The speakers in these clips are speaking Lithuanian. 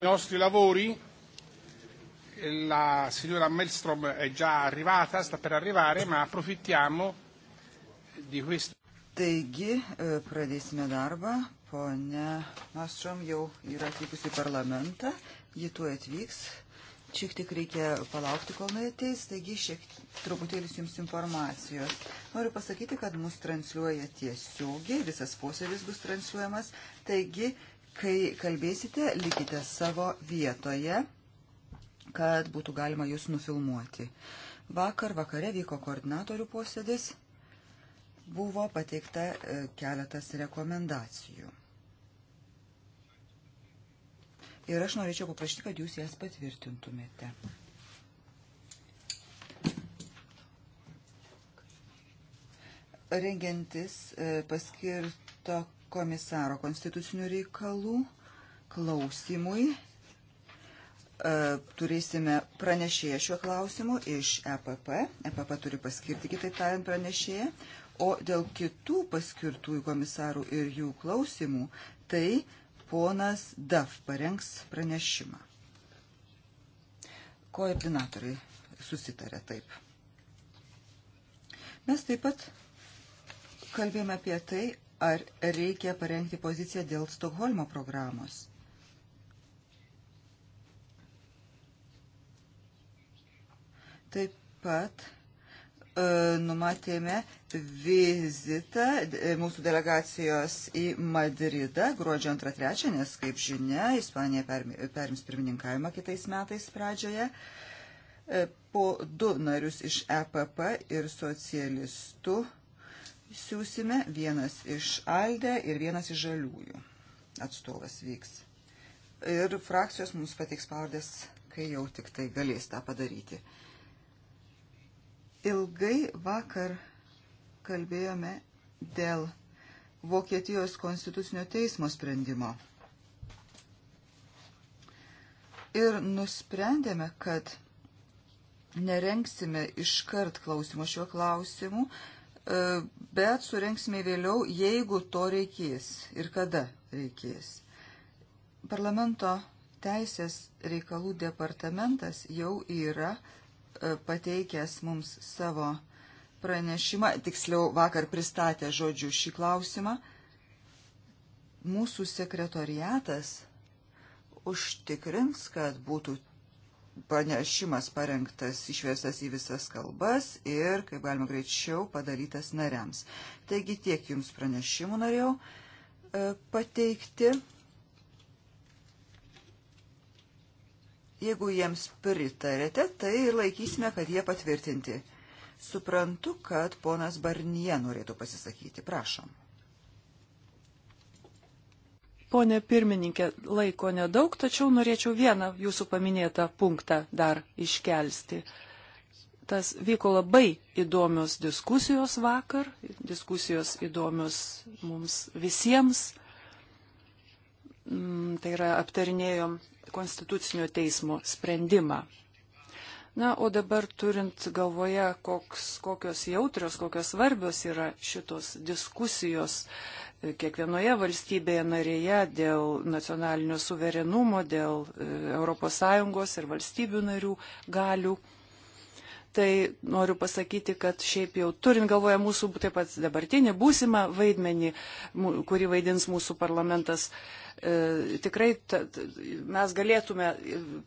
I nostri lavori, eh, la signora Melstrom è già arrivata, sta per arrivare, ma approfittiamo di questo. Taigi, eh, pradėsime darbą. Pone Mastrom jau yra atvykusi į parlamentą, ji tuo atvyks. Šiek tiek reikia palaukti, kol jinai ateis, taigi šiek truputėlis jums informacijos. Noriu pasakyti, kad mus transliuoja tiesiogiai, visas posėdis bus transliuojamas, taigi Kai kalbėsite, likite savo vietoje, kad būtų galima jūs nufilmuoti. Vakar vakare vyko koordinatorių posėdis, buvo pateikta e, keletas rekomendacijų. Ir aš norėčiau paprašyti, kad jūs jas patvirtintumėte. Rengiantis e, paskirto komisaro konstitucinių reikalų klausimui. E, turėsime pranešėją šiuo klausimu iš EPP. EPP turi paskirti, kitaip tariant, pranešėją. O dėl kitų paskirtųjų komisarų ir jų klausimų, tai ponas DAF parengs pranešimą. Koordinatoriai susitarė taip. Mes taip pat kalbėjome apie tai, ar reikia parengti poziciją dėl Stokholmo programos. Taip pat e, numatėme vizitą e, mūsų delegacijos į Madridą gruodžio 2-3, nes, kaip žinia, Ispanija perims pirmininkavimą kitais metais pradžioje. E, po du narius iš EPP ir socialistų siūsime, vienas iš Alde ir vienas iš Žaliųjų atstovas vyks. Ir frakcijos mums pateiks pavardės, kai jau tik tai galės tą padaryti. Ilgai vakar kalbėjome dėl Vokietijos konstitucinio teismo sprendimo. Ir nusprendėme, kad nerenksime iškart klausimo šiuo klausimu, E, bet surenksime vėliau, jeigu to reikės ir kada reikės. Parlamento teisės reikalų departamentas jau yra e, pateikęs mums savo pranešimą, tiksliau vakar pristatė žodžių šį klausimą. Mūsų sekretoriatas užtikrins, kad būtų pranešimas parengtas išverstas į visas kalbas ir, kaip galima greičiau, padalytas nariams. Taigi tiek jums pranešimų norėjau e, pateikti. Jeigu jiems pritarėte, tai laikysime, kad jie patvirtinti. Suprantu, kad ponas Barnie norėtų pasisakyti. Prašom. Pone pirmininkė, laiko nedaug, tačiau norėčiau vieną jūsų paminėtą punktą dar iškelsti. Tas vyko labai įdomios diskusijos vakar, diskusijos įdomios mums visiems. Mm, tai yra aptarinėjom Konstitucinio teismo sprendimą. Na, o dabar turint galvoje, koks, kokios jautrios, kokios svarbios yra šitos diskusijos, kiekvienoje valstybėje narėje dėl nacionalinio suverenumo, dėl ES ir valstybių narių galių. Tai noriu pasakyti, kad šiaip jau turint galvoje mūsų taip pat dabartinį būsimą vaidmenį, kurį vaidins mūsų parlamentas, e, tikrai mes galėtume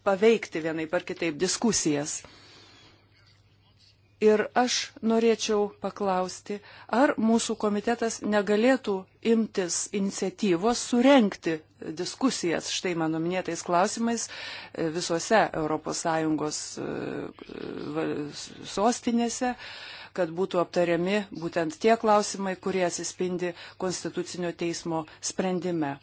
paveikti vienai par kitaip diskusijas. Ir aš norėčiau paklausti, ar mūsų komitetas negalėtų imtis iniciatyvos surenkti diskusijas štai mano minėtais klausimais e, visose ES e, sostinėse, kad būtų aptariami būtent tie klausimai, kurie atsispindi Konstitucinio teismo sprendime.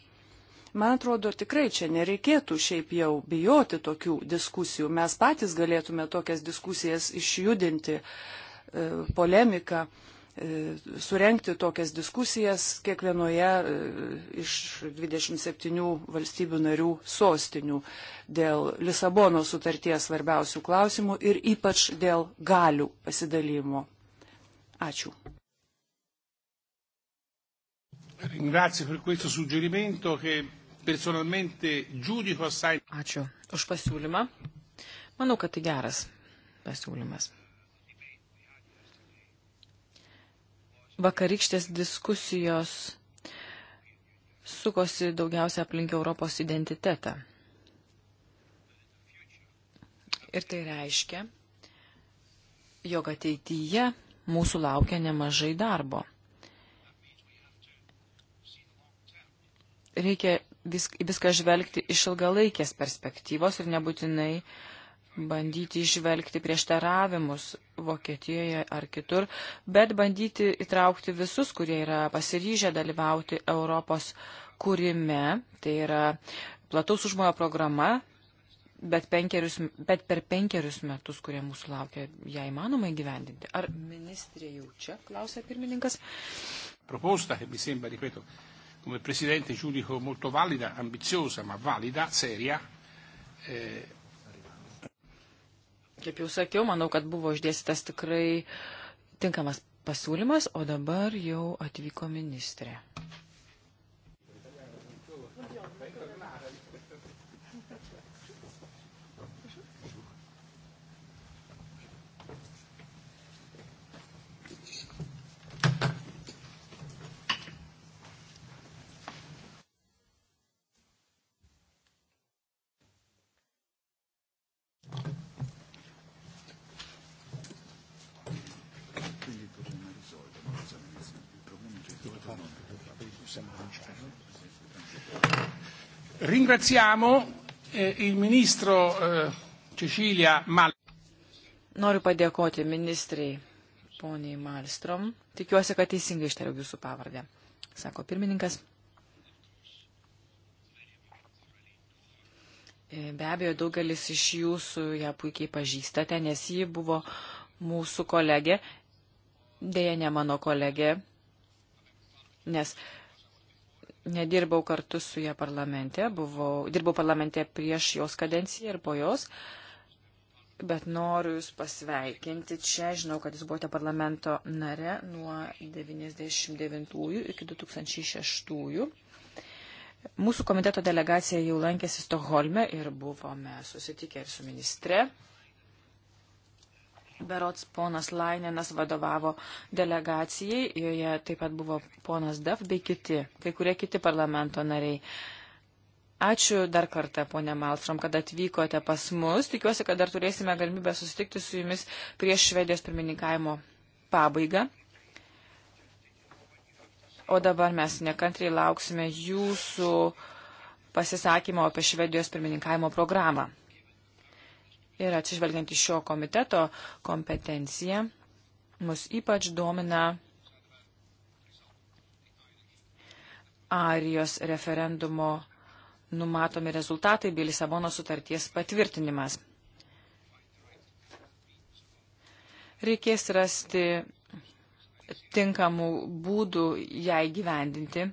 Man atrodo, tikrai čia nereikėtų šiaip jau bijoti tokių diskusijų. Mes patys galėtume tokias diskusijas išjudinti, e, polemiką, e, surenkti tokias diskusijas kiekvienoje e, iš 27 valstybių narių sostinių dėl Lisabono sutarties svarbiausių klausimų ir ypač dėl galių pasidalymo. Ačiū. Ringrazio per questo suggerimento che personalmente giudico assai. Ačiū už pasiūlymą. Manau, kad tai geras pasiūlymas. Vakarykštės diskusijos sukosi daugiausia aplink Europos identitetą. Ir tai reiškia, jog ateityje mūsų laukia nemažai darbo. Reikia vis, viską žvelgti iš ilgalaikės perspektyvos ir nebūtinai bandyti išvelgti prieštaravimus Vokietijoje ar kitur, bet bandyti įtraukti visus, kurie yra pasiryžę dalyvauti Europos kūrime. Tai yra plataus užmojo programa, bet, penkerius, bet per penkerius metus, kurie mūsų laukia, ją įmanoma įgyvendinti. Ar ministrė jau čia, klausia pirmininkas? Proposta, mi sembra, ripeto, come Presidente giudico molto valida, ambiziosa, ma valida, seria. E... Kaip jau sakiau, manau, kad buvo išdėstytas tikrai tinkamas pasiūlymas, o dabar jau atvyko ministrė. Ringraziamo eh, il ministro eh, Cecilia Mal. Noriu padėkoti ministrei poniai Malstrom. Tikiuosi, kad teisingai ištariau jūsų pavardę, sako pirmininkas. E, be abejo, daugelis iš jūsų ją puikiai pažįstate, nes ji buvo mūsų kolegė, dėja ne mano kolegė, nes uh, nedirbau kartu su ją parlamente, buvau, dirbau parlamente prieš jos kadenciją ir po jos, bet noriu Jūs pasveikinti čia. Žinau, kad Jūs buvote parlamento nare nuo 99 iki 2006. Mūsų komiteto delegacija jau lankėsi Stokholme ir buvome susitikę ir su ministre. Berots ponas Lainenas vadovavo delegacijai, joje taip pat buvo ponas Daf bei kiti, kai kurie kiti parlamento nariai. Ačiū dar kartą, ponė Malstrom, kad atvykote pas mus. Tikiuosi, kad dar turėsime galimybę susitikti su jumis prieš Švedijos pirmininkavimo pabaigą. O dabar mes nekantriai lauksime jūsų pasisakymo apie Švedijos pirmininkavimo programą ir atsižvelgiant į šio komiteto kompetenciją, mus ypač domina Arijos referendumo numatomi rezultatai bei Lisabono sutarties patvirtinimas. Reikės rasti tinkamų būdų ją įgyvendinti.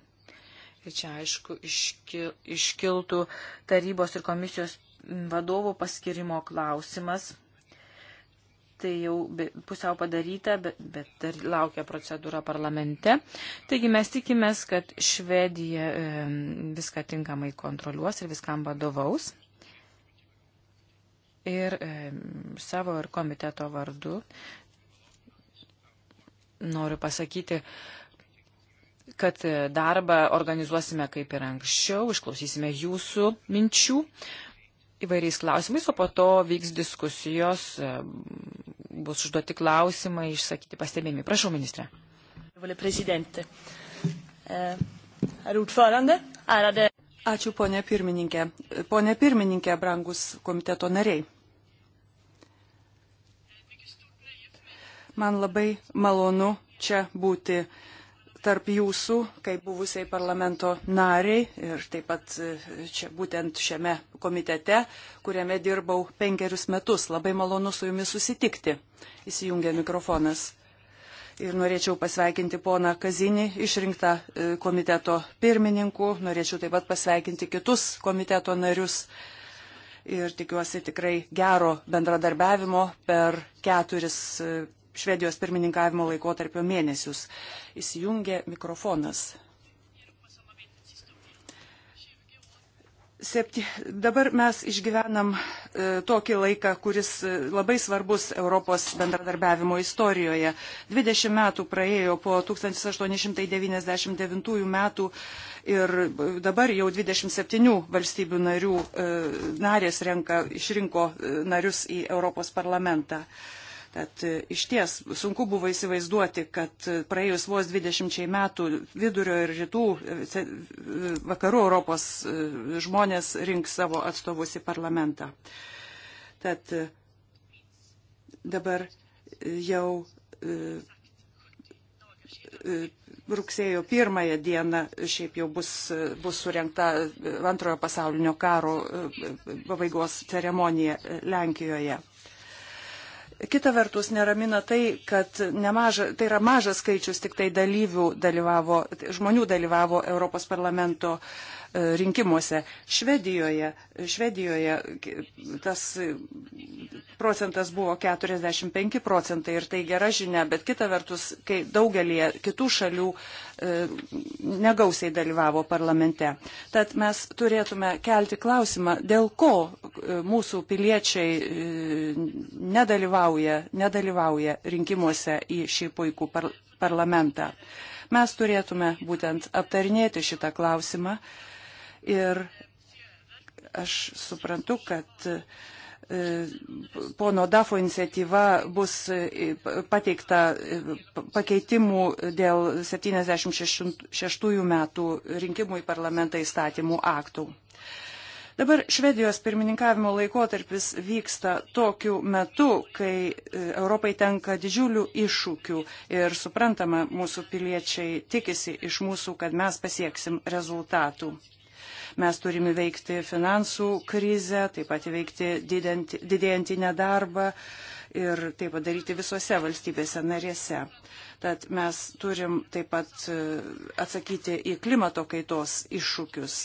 Ir čia, aišku, iškiltų tarybos ir komisijos vadovo paskirimo klausimas. Tai jau pusiau padaryta, bet, bet dar laukia procedūra parlamente. Taigi mes tikimės, kad Švedija viską tinkamai kontroliuos ir viskam vadovaus. Ir savo ir komiteto vardu noriu pasakyti, kad e, darbą organizuosime kaip ir anksčiau, išklausysime jūsų minčių įvairiais klausimais, o po to vyks diskusijos, e, bus užduoti klausimai, išsakyti pastebėjimai. Prašau, ministrė. E, Ačiū, ponė pirmininkė. Ponė pirmininkė, brangus komiteto nariai. Man labai malonu čia būti uh, tarp jūsų, kaip buvusiai parlamento nariai ir taip pat e, čia būtent šiame komitete, kuriame dirbau penkerius metus. Labai malonu su jumis susitikti. Įsijungia mikrofonas. Ir norėčiau pasveikinti poną Kazinį, išrinktą e, komiteto pirmininku. Norėčiau taip pat pasveikinti kitus komiteto narius. Ir tikiuosi tikrai gero bendradarbiavimo per keturis e, Švedijos pirmininkavimo laikotarpio mėnesius. Įsijungė mikrofonas. Septi... Dabar mes išgyvenam e, tokį laiką, kuris e, labai svarbus Europos bendradarbiavimo istorijoje. 20 metų praėjo po 1899 metų ir e, dabar jau 27 valstybių narių e, narės renka, išrinko e, narius į Europos parlamentą. E, Tad e, iš ties sunku buvo įsivaizduoti, kad e, praėjus vos 20 metų vidurio ir rytų e, vakarų Europos žmonės rinks savo atstovus į parlamentą. Tad dabar jau rugsėjo pirmąją dieną šiaip jau bus, bus surinkta antrojo pasaulinio karo pabaigos ceremonija Lenkijoje. Kita vertus neramina tai, kad nemaža, tai yra mažas skaičius tik tai dalyvių dalyvavo, žmonių dalyvavo Europos parlamento e, rinkimuose. Švedijoje, Švedijoje tas procentas buvo 45 procentai ir tai gera žinia, bet kita vertus, kai daugelį kitų šalių e, negausiai dalyvavo parlamente. Tad mes turėtume kelti klausimą, dėl ko e, mūsų piliečiai e, nedalyvauja, nedalyvauja rinkimuose į šį puikų par parlamentą. Mes turėtume būtent aptarinėti šitą klausimą ir aš suprantu, kad e, E, pono Dafo iniciatyva bus e, pateikta e, pakeitimų dėl 76 metų rinkimų į parlamentą įstatymų aktų. Dabar Švedijos pirmininkavimo laikotarpis vyksta tokiu metu, kai Europai tenka didžiulių iššūkių ir suprantama, mūsų piliečiai tikisi iš mūsų, kad mes pasieksim rezultatų. Mes turime veikti finansų krizę, taip pat įveikti didėjantį nedarbą ir tai padaryti visose valstybėse narėse. Tad mes turim taip pat e, atsakyti į klimato kaitos iššūkius.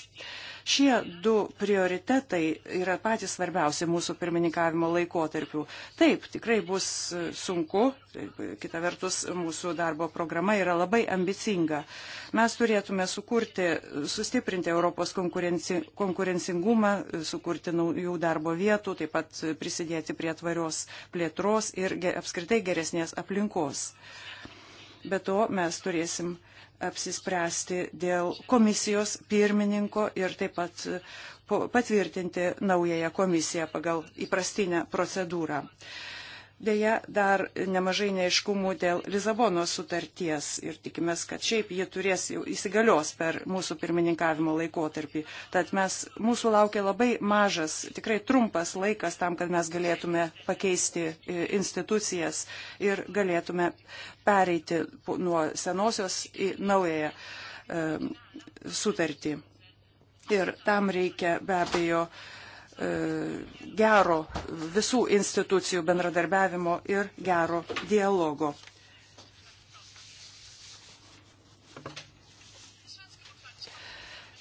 Šie du prioritetai yra patys svarbiausi mūsų pirmininkavimo laikotarpių. Taip, tikrai bus sunku, kita vertus, mūsų darbo programa yra labai ambicinga. Mes turėtume sukurti, sustiprinti Europos konkurenci, konkurencingumą, sukurti naujų darbo vietų, taip pat prisidėti prie tvarios plėtros ir apskritai geresnės aplinkos. Be to mes turėsim apsispręsti dėl komisijos pirmininko ir taip pat e, patvirtinti naująją komisiją pagal įprastinę procedūrą. Uh, Deja, dar nemažai neiškumų dėl Lizabonos sutarties ir tikimės, kad šiaip jie turės įsigalios per mūsų pirmininkavimo laikotarpį. Tad mes, mūsų laukia labai mažas, tikrai trumpas laikas tam, kad mes galėtume pakeisti e, institucijas ir galėtume pereiti nuo senosios į naująją e, sutartį. Ir tam reikia be abejo E, gero visų institucijų bendradarbiavimo ir gero dialogo.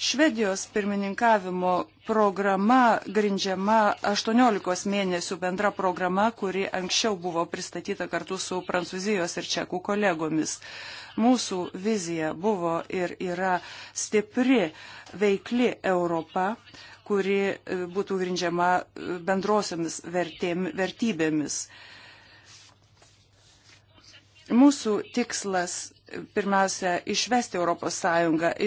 Švedijos pirmininkavimo programa grindžiama 18 mėnesių bendra programa, kuri anksčiau buvo pristatyta kartu su prancūzijos ir čekų kolegomis. Mūsų vizija buvo ir yra stipri, veikli Europa, uh, kuri e, būtų grindžiama e, bendrosiomis vertėm, vertybėmis. Mūsų tikslas e, pirmiausia išvesti ES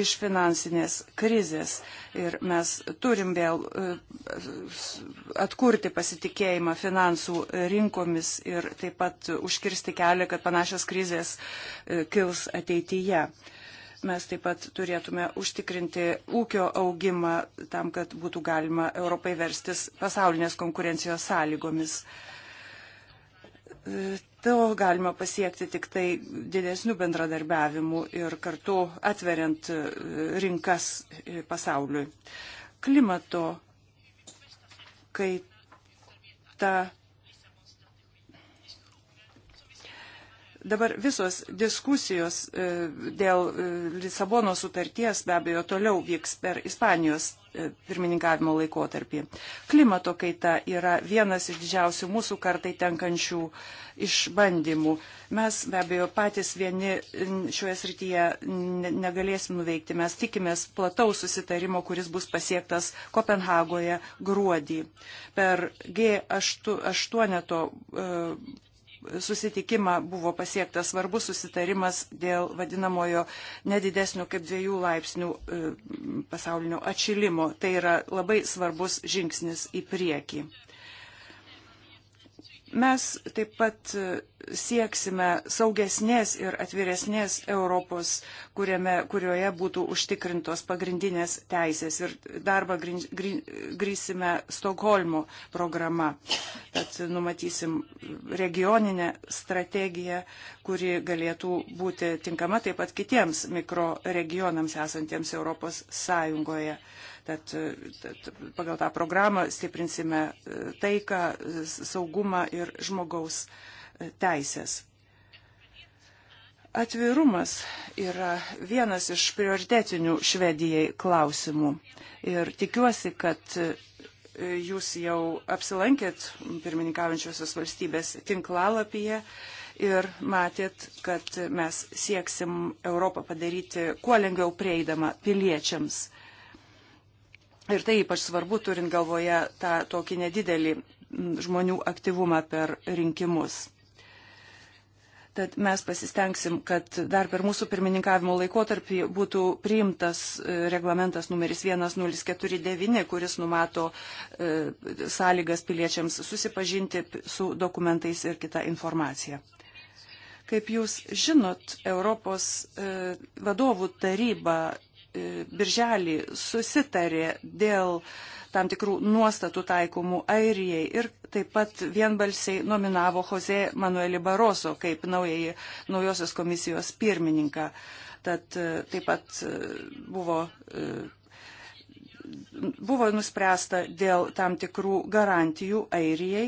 iš finansinės krizės ir mes turim vėl atkurti pasitikėjimą finansų rinkomis ir taip pat užkirsti kelią, kad panašios krizės kils ateityje mes taip pat turėtume užtikrinti ūkio augimą tam, kad būtų galima Europai verstis pasaulinės konkurencijos sąlygomis. E, to galima pasiekti tik tai didesnių bendradarbiavimų ir kartu atveriant e, rinkas e, pasauliui. Klimato kaita Dabar visos diskusijos e, dėl e, Lisabono sutarties be abejo toliau vyks per Ispanijos e, pirmininkavimo laikotarpį. Klimato kaita yra vienas iš didžiausių mūsų kartai tenkančių išbandymų. Mes be abejo patys vieni šioje srityje negalėsim nuveikti. Mes tikimės plataus susitarimo, kuris bus pasiektas Kopenhagoje gruodį. Per G8 aštu, susitikimą buvo pasiektas svarbus susitarimas dėl vadinamojo nedidesnio kaip dviejų laipsnių e, pasaulinio atšilimo. Tai yra labai svarbus žingsnis į priekį. Mes taip pat e, sieksime saugesnės ir atviresnės Europos, kuriame, kurioje būtų užtikrintos pagrindinės teisės ir darbą grįsime Stokholmo programa. Tad numatysim regioninę strategiją, kuri galėtų būti tinkama taip pat kitiems mikroregionams esantiems Europos Sąjungoje. Tad, tad pagal tą programą stiprinsime e, taiką, saugumą ir žmogaus e, teisės. Atvirumas yra vienas iš prioritetinių Švedijai klausimų. Ir tikiuosi, kad e, jūs jau apsilankėt pirmininkaujančiosios valstybės tinklalapyje ir matėt, kad mes sieksim Europą padaryti kuo lengviau prieinamą piliečiams. Ir tai ypač svarbu, turint galvoje tą tokį nedidelį žmonių aktyvumą per rinkimus. Tad mes pasistengsim, kad dar per mūsų pirmininkavimo laikotarpį būtų priimtas e, reglamentas numeris 1049, kuris numato e, sąlygas piliečiams susipažinti su dokumentais ir kita informacija. Kaip jūs žinot, Europos e, vadovų taryba E, birželį susitarė dėl tam tikrų nuostatų taikomų Airijai ir taip pat vienbalsiai nominavo Jose Manuelį Baroso kaip naujai, naujosios komisijos pirmininką. Tad e, taip pat e, buvo, buvo nuspręsta dėl tam tikrų garantijų Airijai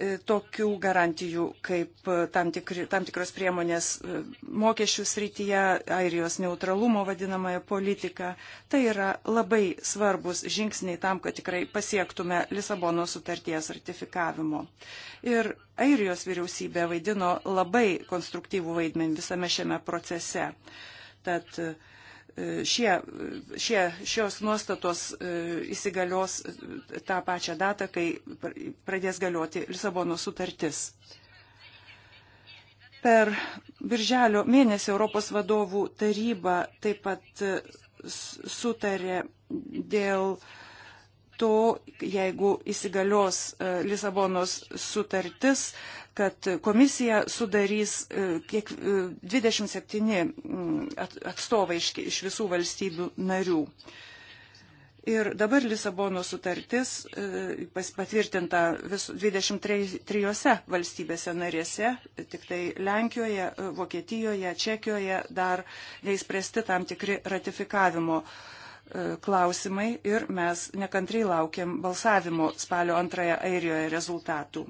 E, tokių garantijų kaip e, tam, tikri, tam tikros priemonės e, mokesčių srityje, airijos neutralumo vadinamąją politiką. Tai yra labai svarbus žingsniai tam, kad tikrai pasiektume Lisabono sutarties ratifikavimo. Ir airijos vyriausybė vaidino labai konstruktyvų vaidmenį visame šiame procese. Tad uh, E, šie, šie, šios nuostatos e, įsigalios e, tą pačią datą, kai pradės galioti Lisabono sutartis. Per birželio mėnesį Europos vadovų taryba taip pat sutarė dėl to, jeigu įsigalios Lisabonos sutartis, kad komisiją sudarys e, kiek 27 e, mm, atstovai iš, iš visų valstybių narių. Ir dabar Lisabono sutartis e, patvirtinta vis 23 valstybėse narėse, tik tai Lenkijoje, Vokietijoje, Čekijoje dar neįspręsti tam tikri ratifikavimo klausimai ir mes nekantriai laukiam balsavimo spalio antrąją Airijoje rezultatų.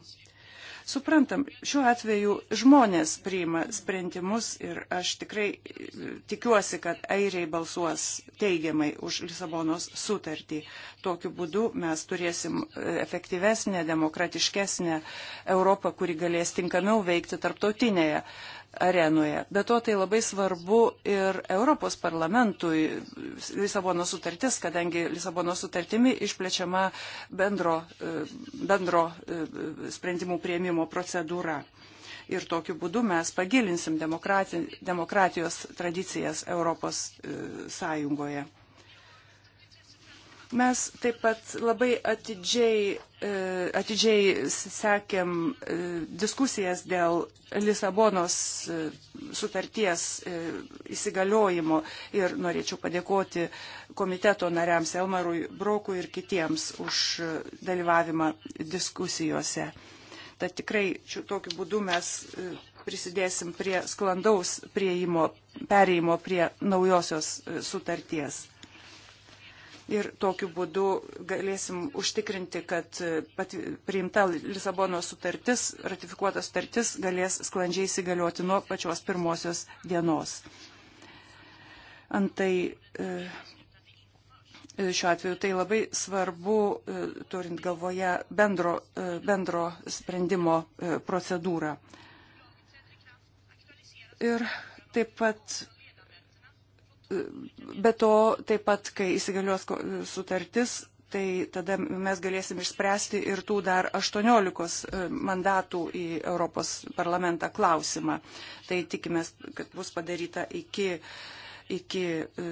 Suprantam, šiuo atveju žmonės priima sprendimus ir aš tikrai e, tikiuosi, kad airiai balsuos teigiamai už Lisabonos sutartį. Tokiu būdu mes turėsim e, efektyvesnę, demokratiškesnę Europą, kuri galės tinkamiau veikti tarptautinėje arenoje. Be to tai labai svarbu ir Europos parlamentui Lisabono sutartis, kadangi Lisabono sutartimi išplečiama bendro, e, bendro e, sprendimų prieimimo procedūra. Ir tokiu būdu mes pagilinsim demokratijos tradicijas Europos e, Sąjungoje. Mes taip pat labai atidžiai, e, atidžiai sekėm e, diskusijas dėl Lisabonos e, sutarties įsigaliojimo ir norėčiau padėkoti komiteto nariams Elmarui Brokui ir kitiems už dalyvavimą diskusijose. Tad tikrai tokiu būdu mes prisidėsim prie sklandaus prieimo, pereimo prie naujosios sutarties. Ir tokiu būdu galėsim užtikrinti, kad e, priimta Lisabono sutartis, ratifikuota sutartis galės sklandžiai įsigalioti nuo pačios pirmosios dienos. Antai e, e, šiuo atveju tai labai svarbu, turint galvoje bendro, bendro sprendimo procedūrą. Ir taip pat Be to, taip pat, kai įsigalios sutartis, tai tada mes galėsim išspręsti ir tų dar 18 e, mandatų į Europos parlamentą klausimą. Tai tikimės, kad bus padaryta iki, iki e,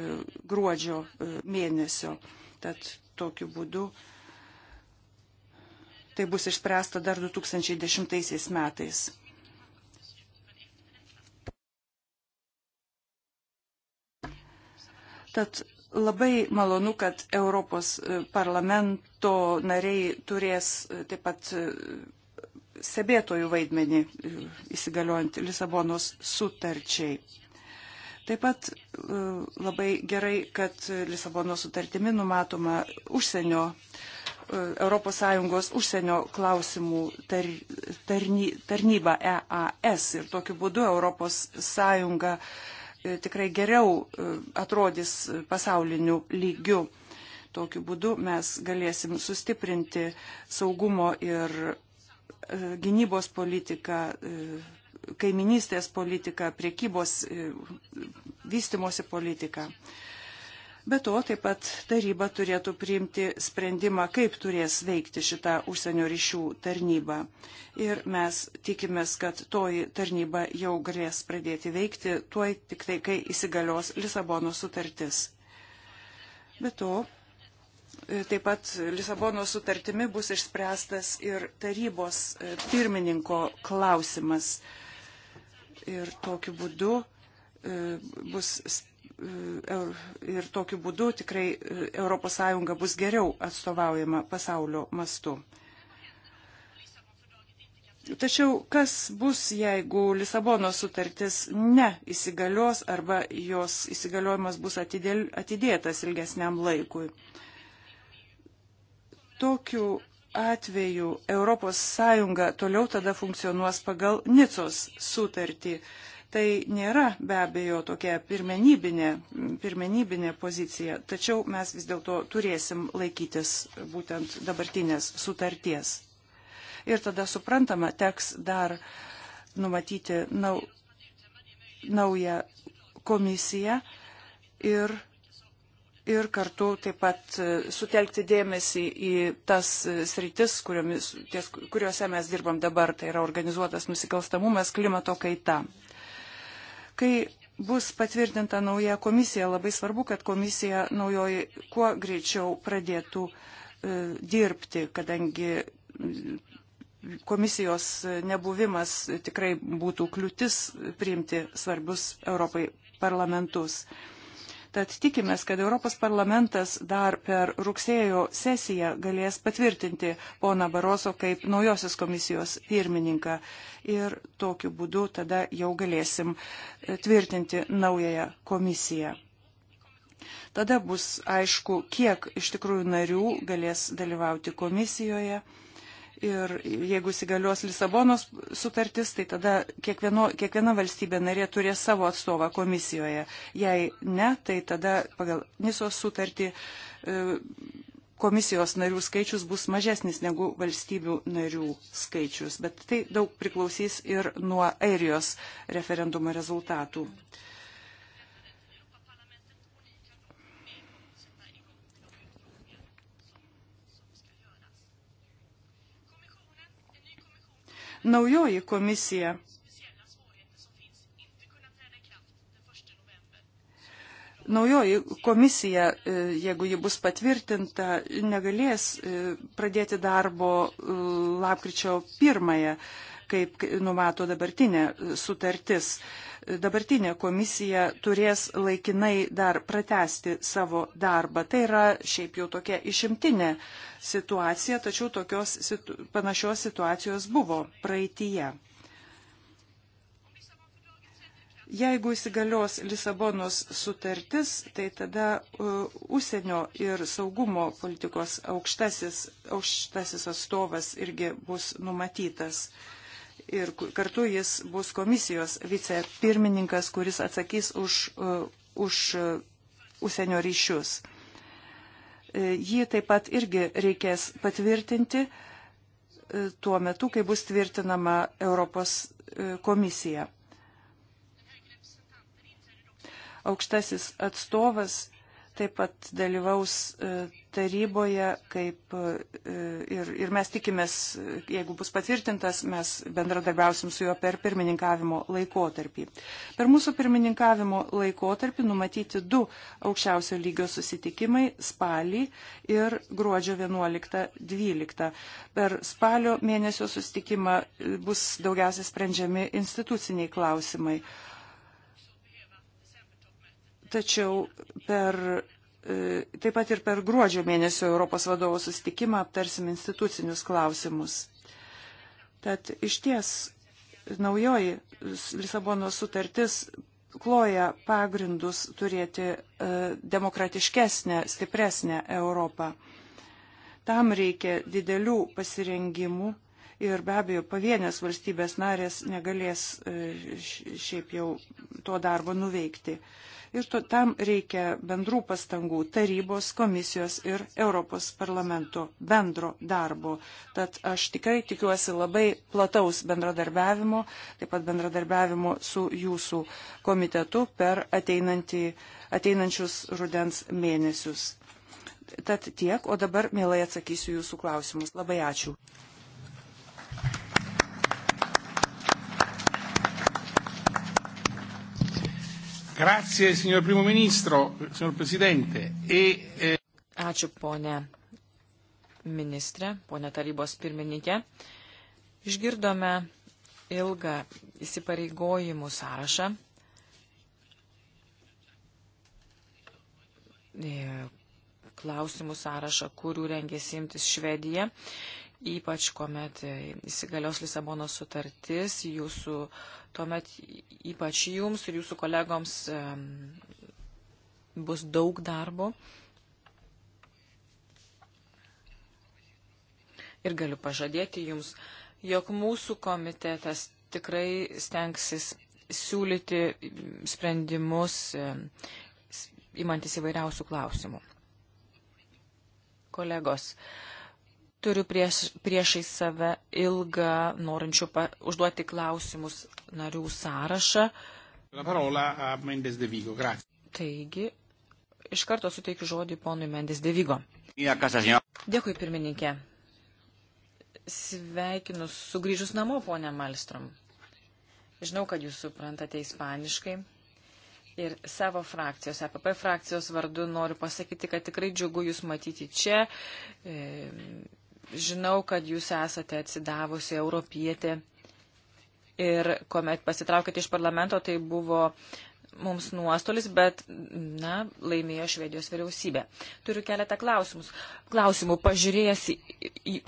gruodžio e, mėnesio. Tad tokiu būdu tai bus išspręsta dar 2010 metais. Tad labai malonu, kad Europos e, parlamento nariai turės e, taip pat e, stebėtojų vaidmenį įsigaliojant Lisabonos sutarčiai. Taip pat labai gerai, kad Lisabonos sutartimi numatoma užsienio, ES užsienio klausimų tar, tarny, tarnyba EAS ir tokiu būdu ES E, tikrai geriau e, atrodys pasauliniu lygiu. Tokiu būdu mes galėsim sustiprinti saugumo ir e, gynybos politiką, kaiminystės politiką, priekybos vystimosi politiką. Be to, taip pat taryba turėtų priimti sprendimą, kaip turės veikti šitą užsienio ryšių tarnybą. Ir mes tikimės, kad toji tarnyba jau galės pradėti veikti tuoj tik tai, kai įsigalios Lisabono sutartis. Be to, taip pat Lisabono sutartimi bus išspręstas ir tarybos e, pirmininko klausimas. Ir tokiu būdu e, bus E, ir tokiu būdu tikrai ES bus geriau atstovaujama pasaulio mastu. Tačiau kas bus, jeigu Lisabono sutartis neįsigalios arba jos įsigaliojimas bus atidėl, atidėtas ilgesniam laikui? Tokiu atveju ES toliau tada funkcionuos pagal Nicos sutartį. Tai nėra be abejo tokia pirmenybinė, pirmenybinė pozicija, tačiau mes vis dėlto turėsim laikytis būtent dabartinės sutarties. Ir tada suprantama, teks dar numatyti nau, naują komisiją ir ir kartu taip pat e, sutelkti dėmesį į tas e, sritis, kuriomis, ties, kuriuose mes dirbam dabar, tai yra organizuotas nusikalstamumas, klimato kaita. Kai bus patvirtinta nauja komisija, labai svarbu, kad komisija naujoji kuo greičiau pradėtų e, dirbti, kadangi komisijos nebuvimas tikrai būtų kliūtis priimti svarbius Europai parlamentus. Tad tikimės, kad Europos parlamentas dar per rugsėjo sesiją galės patvirtinti poną Baroso kaip naujosios komisijos pirmininką. Ir tokiu būdu tada jau galėsim e, tvirtinti naująją komisiją. Tada bus aišku, kiek iš tikrųjų narių galės dalyvauti komisijoje Ir jeigu įsigalios Lisabonos sutartis, tai tada kiekvieno, kiekviena valstybė narė turės savo atstovą komisijoje. Jei ne, tai tada pagal Nisos sutartį e, komisijos narių skaičius bus mažesnis negu valstybių narių skaičius. Bet tai daug priklausys ir nuo Airijos referendumo rezultatų. Mhm. naujoji komisija. Naujoji komisija, e, jeigu ji bus patvirtinta, negalės e, pradėti darbo e, lapkričio pirmąją, kaip numato dabartinė sutartis dabartinė komisija turės laikinai dar pratesti savo darbą. Tai yra šiaip jau tokia išimtinė situacija, tačiau tokios situ, panašios situacijos buvo praeitie. Jeigu įsigalios Lisabonos sutartis, tai tada uh, užsienio ir saugumo politikos aukštasis, aukštasis atstovas irgi bus numatytas. Uh, ir kartu jis bus komisijos vicepirmininkas, kuris atsakys už, uh, už uh, užsienio ryšius. E, jį taip pat irgi reikės patvirtinti e, tuo metu, kai bus tvirtinama Europos e, komisija. Aukštasis atstovas taip pat dalyvaus e, taryboje, kaip e, ir, ir mes tikimės, e, jeigu bus patvirtintas, mes bendradarbiausim su juo per pirmininkavimo laikotarpį. Per mūsų pirmininkavimo laikotarpį numatyti du aukščiausio lygio susitikimai - spalį ir gruodžio 11-12. Per spalio mėnesio susitikimą bus daugiausiai sprendžiami instituciniai klausimai Tačiau per, e, taip pat ir per gruodžio mėnesio Europos vadovo susitikimą aptarsim institucinius klausimus. Tad iš ties naujoji Lisabono sutartis kloja pagrindus turėti e, demokratiškesnę, stipresnę Europą. Tam reikia didelių pasirengimų ir be abejo pavienės valstybės narės negalės e, šiaip jau to darbo nuveikti. Ir to, tam reikia bendrų pastangų tarybos, komisijos ir Europos parlamento bendro darbo. Tad aš tikrai tikiuosi labai plataus bendradarbiavimo, taip pat bendradarbiavimo su jūsų komitetu per ateinančius rudens mėnesius. Tad tiek, o dabar mielai atsakysiu jūsų klausimus. Labai ačiū. Grazie, signor primo ministro, signor presidente. E, e... Ačiū, ponė ministrė, ponė tarybos pirmininkė. Išgirdome ilgą įsipareigojimų sąrašą, e, klausimų sąrašą, kurių rengėsi imtis Švedija ypač kuomet įsigalios Lisabonos sutartis, jūsų, tuomet ypač jums ir jūsų kolegoms bus daug darbo. Ir galiu pažadėti jums, jog mūsų komitetas tikrai stengsis siūlyti sprendimus įmantis įvairiausių klausimų. Kolegos, uh, Turiu prieš, priešai save ilgą norinčių pa, užduoti klausimus narių sąrašą. Taigi, iš karto suteikiu žodį ponui Mendes Devygo. Dėkui, pirmininkė. Sveikinu sugrįžus namo, ponė Malstrom. Žinau, kad jūs suprantate ispaniškai. Ir savo frakcijos, APP frakcijos vardu noriu pasakyti, kad tikrai džiugu jūs matyti čia. E, Žinau, kad jūs esate atsidavusi europietė ir kuomet pasitraukėte iš parlamento, tai buvo mums nuostolis, bet, na, laimėjo Švedijos vyriausybė. Turiu keletą klausimus. klausimų. Pažiūrėjęs,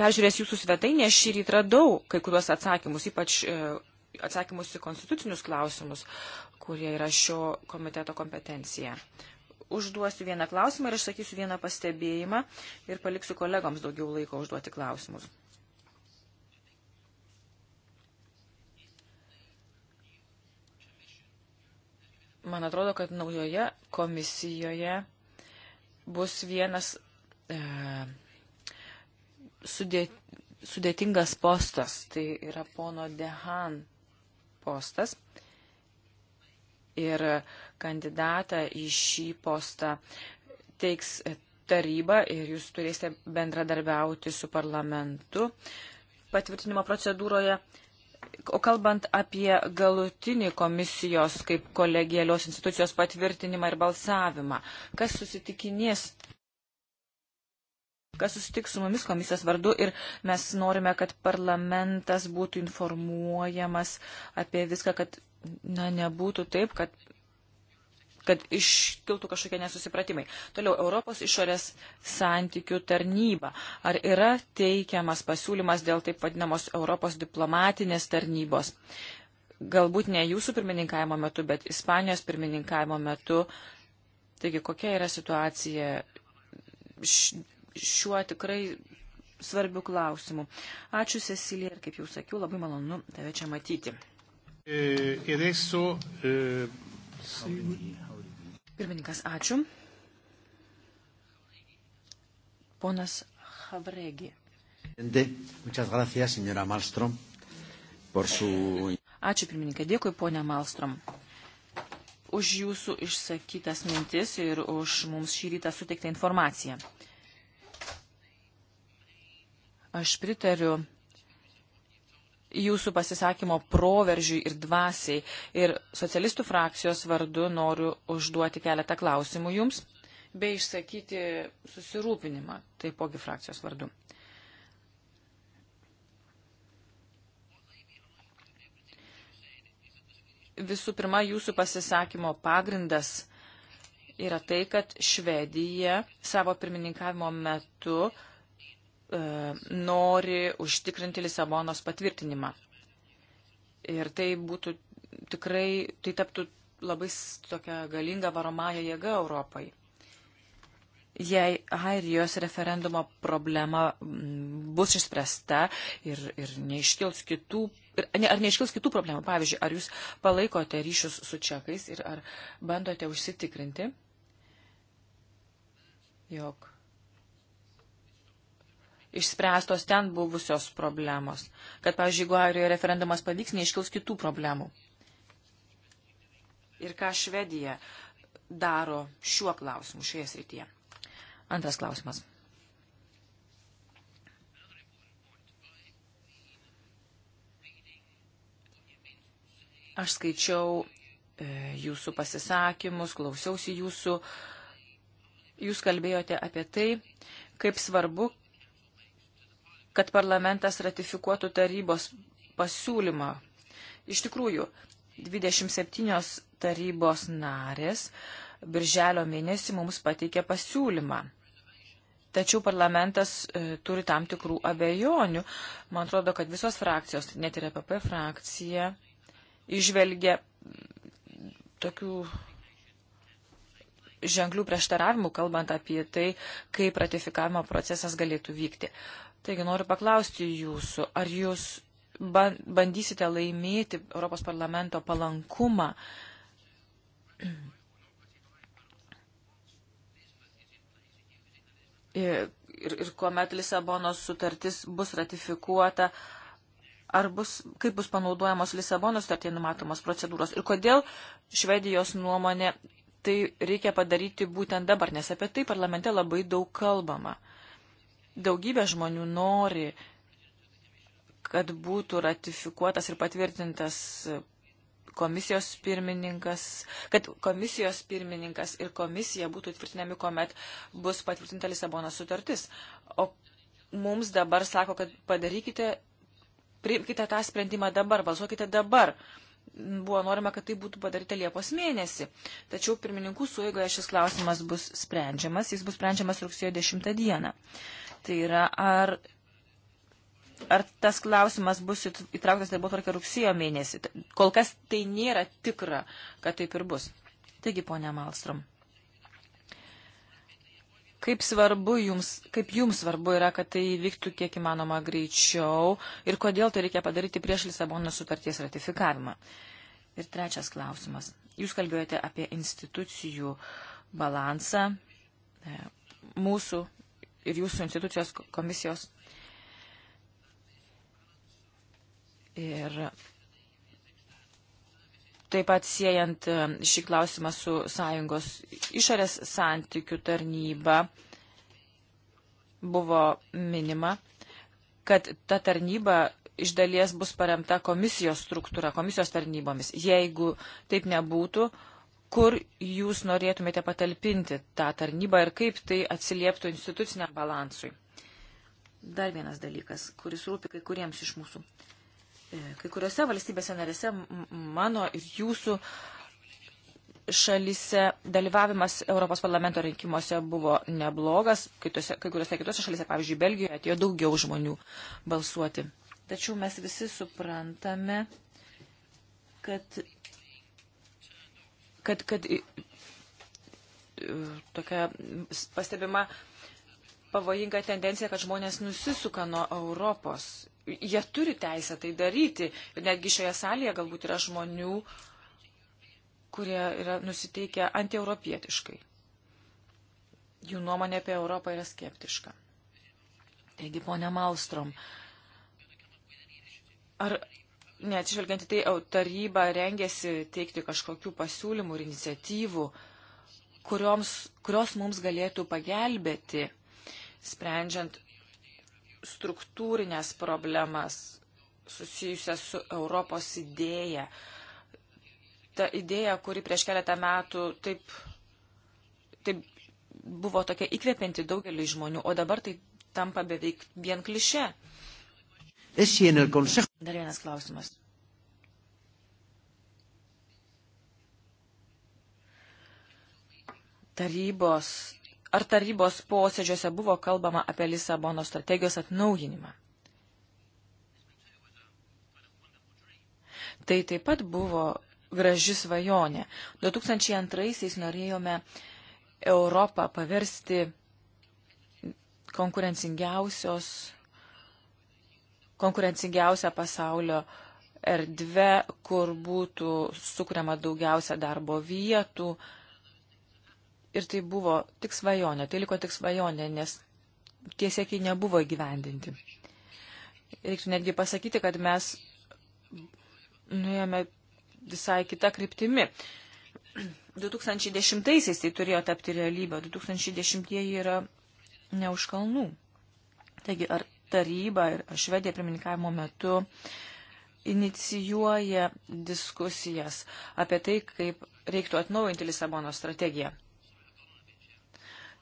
peržiūrėjęs jūsų svetainę, aš šį rytą radau kai kuriuos atsakymus, ypač e, atsakymus į konstitucinius klausimus, kurie yra šio komiteto kompetencija užduosiu vieną klausimą ir išsakysiu vieną pastebėjimą ir paliksiu kolegoms daugiau laiko užduoti klausimus. Man atrodo, kad naujoje komisijoje bus vienas e, sudė, sudėtingas postas, tai yra pono Dehan postas. Ir kandidatą į šį postą teiks taryba ir jūs turėsite bendradarbiauti su parlamentu patvirtinimo procedūroje. O kalbant apie galutinį komisijos kaip kolegialios institucijos patvirtinimą ir balsavimą, kas susitikinės kas susitiks su mumis komisijos vardu ir mes norime, kad parlamentas būtų informuojamas apie viską, kad na, nebūtų taip, kad kad iškiltų kažkokie nesusipratimai. Toliau, Europos išorės santykių tarnyba. Ar yra teikiamas pasiūlymas dėl taip vadinamos Europos diplomatinės tarnybos? Galbūt ne jūsų pirmininkavimo metu, bet Ispanijos pirmininkavimo metu. Taigi, kokia yra situacija šiuo tikrai svarbių klausimų. Ačiū, Cecilija, ir kaip jau sakiau, labai malonu tave čia matyti. E, e adesso, e... Pirmininkas, ačiū. Ponas Havregi. Ačiū pirmininkai, dėkui ponia Malstrom už jūsų išsakytas mintis ir už mums šį rytą suteiktą informaciją. Aš pritariu jūsų pasisakymo proveržiui ir dvasiai. Ir socialistų frakcijos vardu noriu užduoti keletą klausimų jums, bei išsakyti susirūpinimą, taipogi frakcijos vardu. Visų pirma, jūsų pasisakymo pagrindas yra tai, kad Švedija savo pirmininkavimo metu uh, E, nori užtikrinti Lisabonos patvirtinimą. Ir tai būtų tikrai, tai taptų labai tokia galinga varomąją jėgą Europai. Jei Airijos referendumo problema mm, bus išspręsta ir, ir neiškils kitų, ir, ne, ar neiškils kitų problemų, pavyzdžiui, ar jūs palaikote ryšius su čekais ir ar bandote užsitikrinti, jog išspręstos ten buvusios problemos. Kad, pavyzdžiui, jeigu Airijoje referendumas pavyks, neiškils kitų problemų. Ir ką Švedija daro šiuo klausimu, šioje srityje. Antras klausimas. Aš skaičiau e, jūsų pasisakymus, klausiausi jūsų. Jūs kalbėjote apie tai, kaip svarbu, kad parlamentas ratifikuotų tarybos pasiūlymą. Iš tikrųjų, 27 tarybos narės birželio mėnesį mums pateikė pasiūlymą. Tačiau parlamentas e, turi tam tikrų abejonių. Man atrodo, kad visos frakcijos, net ir EPP frakcija, išvelgia mm, tokių ženklių prieštaravimų, kalbant apie tai, kaip ratifikavimo procesas galėtų vykti. Taigi noriu paklausti jūsų, ar jūs bandysite laimėti Europos parlamento palankumą? Ir, ir, ir kuomet Lisabonos sutartis bus ratifikuota, ar bus, kaip bus panaudojamos Lisabonos sutartie numatomos procedūros ir kodėl Švedijos nuomonė tai reikia padaryti būtent dabar, nes apie tai parlamente labai daug kalbama daugybė žmonių nori, kad būtų ratifikuotas ir patvirtintas komisijos pirmininkas, kad komisijos pirmininkas ir komisija būtų tvirtinami, kuomet bus patvirtinta Lisabono sutartis. O mums dabar sako, kad padarykite, priimkite tą sprendimą dabar, balsuokite dabar. Buvo norima, kad tai būtų padaryta Liepos mėnesį. Tačiau pirmininkų suėgoje šis klausimas bus sprendžiamas, jis bus sprendžiamas rugsėjo 10 dieną. Tai yra, ar, ar tas klausimas bus įtrauktas darbo tvarkė rugsėjo mėnesį. Kol kas tai nėra tikra, kad taip ir bus. Taigi, ponia Malstrom, kaip svarbu jums, kaip jums svarbu yra, kad tai vyktų kiek įmanoma greičiau ir kodėl tai reikia padaryti prieš Lisabono sutarties ratifikavimą. Ir trečias klausimas. Jūs kalbėjote apie institucijų balansą, e, mūsų ir jūsų institucijos komisijos. Ir taip pat siejant e, šį klausimą su sąjungos išorės santykių tarnyba buvo minima, kad ta tarnyba iš dalies bus paremta komisijos struktūra, komisijos tarnybomis. Jeigu taip nebūtų, uh, kur jūs norėtumėte patalpinti tą tarnybą ir kaip tai atsilieptų instituciniam balansui. Dar vienas dalykas, kuris rūpi kai kuriems iš mūsų. E, kai kuriuose valstybėse narėse mano ir jūsų šalise dalyvavimas Europos parlamento rinkimuose buvo neblogas, kitose, kai kuriuose kitose šalise, pavyzdžiui, Belgijoje atėjo daugiau žmonių balsuoti. Tačiau mes visi suprantame, kad kad, kad tokia pastebima pavojinga tendencija, kad žmonės nusisuka nuo Europos. Jie turi teisę tai daryti. Ir netgi šioje salėje galbūt yra žmonių, kurie yra nusiteikę antieuropietiškai. Jų nuomonė apie Europą yra skeptiška. Taigi, ponia Malstrom, ar neatsižvelgiant į tai, taryba rengėsi teikti kažkokių pasiūlymų ir iniciatyvų, kurioms, kurios mums galėtų pagelbėti, sprendžiant struktūrinės problemas susijusias su Europos idėja. Ta idėja, kuri prieš keletą metų taip, taip buvo tokia įkvepianti daugelį žmonių, o dabar tai tampa beveik vien kliše. Dar vienas klausimas. Tarybos, ar tarybos posėdžiuose buvo kalbama apie Lisabono strategijos atnaujinimą? Tai taip pat buvo graži svajonė. 2002-aisiais norėjome Europą paversti konkurencingiausios konkurencingiausia pasaulio erdve, kur būtų sukuriama daugiausia darbo vietų. Ir tai buvo tik svajonė, tai liko tik svajonė, nes tie siekiai nebuvo įgyvendinti. Reiktų netgi pasakyti, kad mes nuėjome visai kitą kryptimį. 2010-aisiais tai turėjo tapti realybę, 2010-ieji yra neužkalnų. Taigi, ar taryba ir Švedija pirmininkavimo metu inicijuoja diskusijas apie tai, kaip reiktų atnaujinti Lisabono strategiją.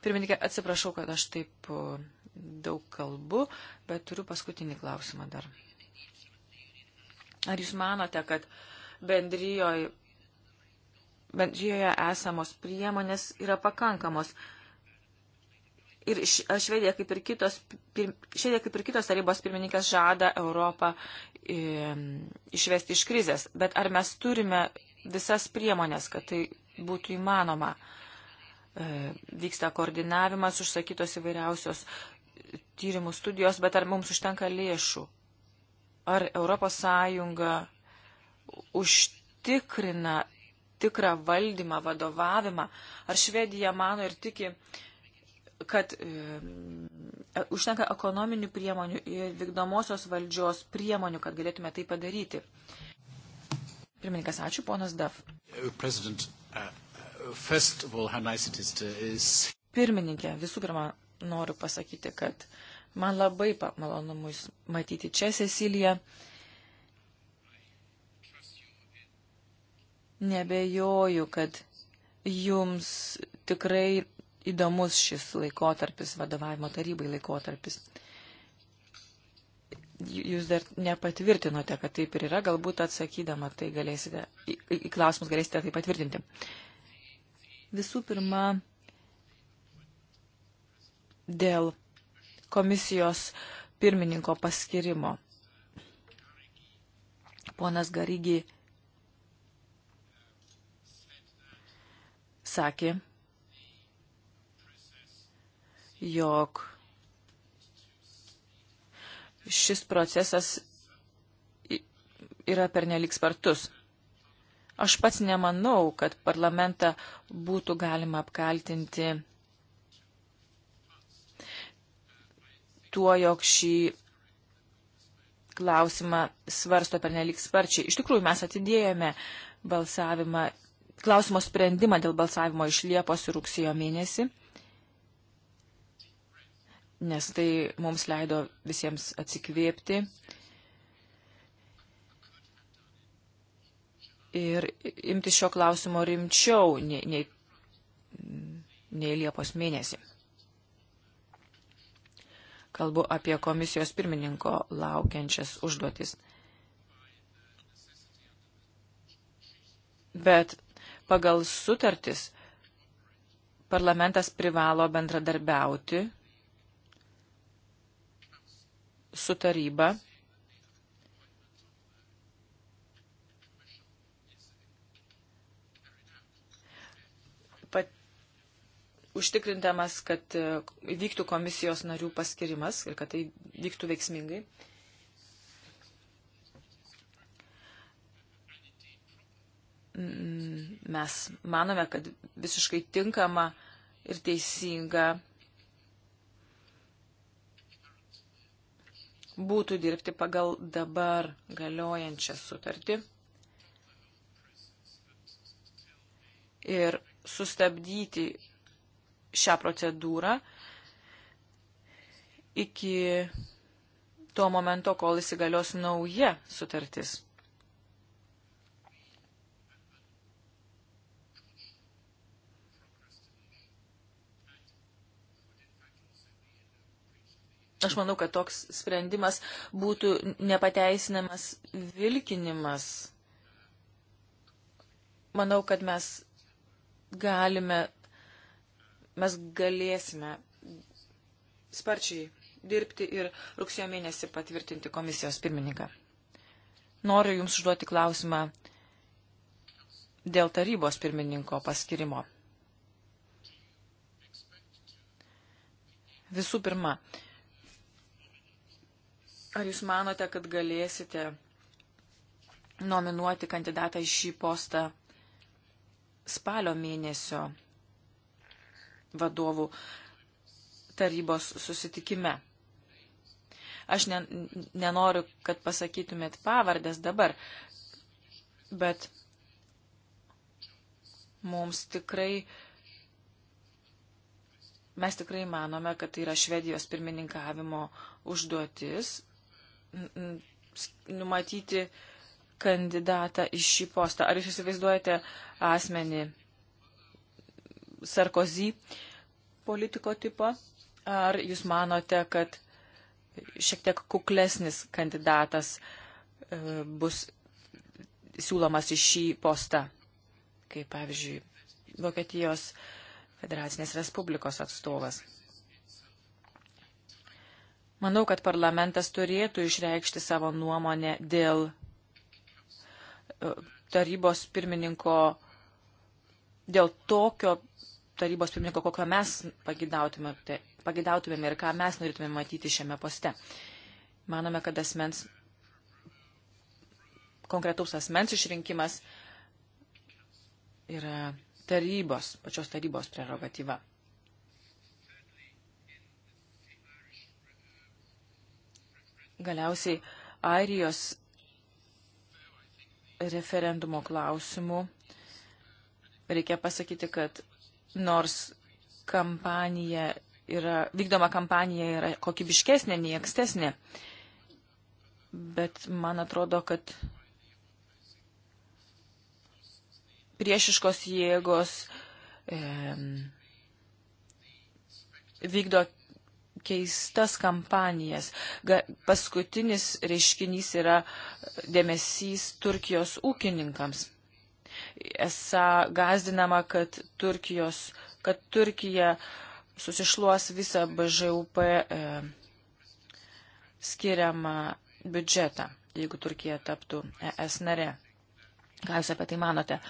Pirmininkė, atsiprašau, kad aš taip daug kalbu, bet turiu paskutinį klausimą dar. Ar jūs manote, kad bendrijoje, bendrijoje esamos priemonės yra pakankamos? ir Švedija, kaip ir kitos, pir, Švedija, kaip ir kitos tarybos pirmininkas, žada Europą e, išvesti iš krizės. Bet ar mes turime visas priemonės, kad tai būtų įmanoma? E, vyksta koordinavimas, užsakytos įvairiausios tyrimų studijos, bet ar mums užtenka lėšų? Ar Europos Sąjunga užtikrina tikrą valdymą, vadovavimą? Ar Švedija mano ir tiki, kad e, užtenka ekonominių priemonių ir vykdomosios valdžios priemonių, kad galėtume tai padaryti. Pirmininkas, ačiū, ponas Daf. Uh, uh, uh, Pirmininkė, visų pirma, noriu pasakyti, kad man labai malonu mus matyti čia, Cecilija. Nebejoju, kad jums tikrai įdomus šis laikotarpis, vadovavimo tarybai laikotarpis. Jūs dar nepatvirtinote, kad taip ir yra, galbūt atsakydama tai galėsite, į, į klausimus galėsite tai patvirtinti. Visų pirma, dėl komisijos pirmininko paskirimo. Ponas Garygi sakė, jog šis procesas yra pernelik spartus. Aš pats nemanau, kad parlamentą būtų galima apkaltinti tuo, jog šį klausimą svarsto pernelik sparčiai. Iš tikrųjų, mes atidėjome balsavimą, klausimo sprendimą dėl balsavimo iš Liepos ir rugsėjo mėnesį nes tai mums leido visiems atsikvėpti. Ir imti šio klausimo rimčiau nei, nei, nei Liepos mėnesį. Kalbu apie komisijos pirmininko laukiančias užduotis. Bet pagal sutartis parlamentas privalo bendradarbiauti su taryba. Pat, užtikrindamas, kad e, vyktų komisijos narių paskirimas ir kad tai vyktų veiksmingai. Mes manome, kad visiškai tinkama ir teisinga būtų dirbti pagal dabar galiojančią sutartį ir sustabdyti šią procedūrą iki to momento, kol įsigalios nauja sutartis. Aš manau, kad toks sprendimas būtų nepateisinamas vilkinimas. Manau, kad mes galime, mes galėsime sparčiai dirbti ir rugsėjo mėnesį patvirtinti komisijos pirmininką. Noriu Jums užduoti klausimą dėl tarybos pirmininko paskirimo. Visų pirma, Ar jūs manote, kad galėsite nominuoti kandidatą į šį postą spalio mėnesio vadovų tarybos susitikime? Aš ne, nenoriu, kad pasakytumėt pavardės dabar, bet mums tikrai, mes tikrai manome, kad tai yra Švedijos pirmininkavimo užduotis numatyti kandidatą iš šį postą. Ar jūs įsivaizduojate asmenį Sarkozy politiko tipo, ar jūs manote, kad šiek tiek kuklesnis kandidatas e, bus siūlomas į šį postą, kaip pavyzdžiui Vokietijos Federacinės Respublikos atstovas? Manau, kad parlamentas turėtų išreikšti savo nuomonę dėl e, tarybos pirmininko, dėl tokio tarybos pirmininko, kokio mes pagidautumėme, pagidautumėme ir ką mes norėtume matyti šiame poste. Manome, kad asmens, konkretaus asmens išrinkimas yra tarybos, pačios tarybos prerogatyva. Galiausiai Airijos referendumo klausimų reikia pasakyti, kad nors kampanija yra, vykdoma kampanija yra kokybiškesnė nei ankstesnė, bet man atrodo, kad priešiškos jėgos e, vykdo keistas kampanijas. Ga, paskutinis reiškinys yra dėmesys Turkijos ūkininkams. Esą gazdinama, kad, Turkijos, kad Turkija susišluos visą BŽUP e, skiriamą biudžetą, jeigu Turkija taptų ES nare. Ką Jūs apie tai manote?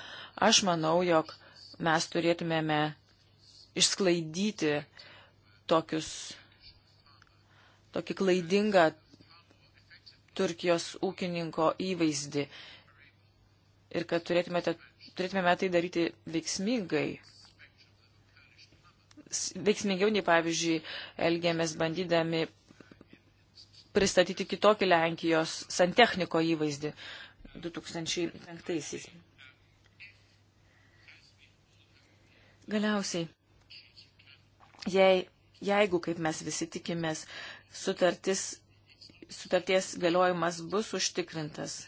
Aš manau, jog mes turėtumėme išsklaidyti tokius tokį klaidingą Turkijos ūkininko įvaizdį ir kad turėtumėte, turėtumėme tai daryti veiksmingai. Veiksmingiau nei, pavyzdžiui, elgėmės bandydami pristatyti kitokį Lenkijos santechniko įvaizdį 2005-aisiais. Galiausiai, jei, jeigu, kaip mes visi tikimės, sutartis, sutarties galiojimas bus užtikrintas.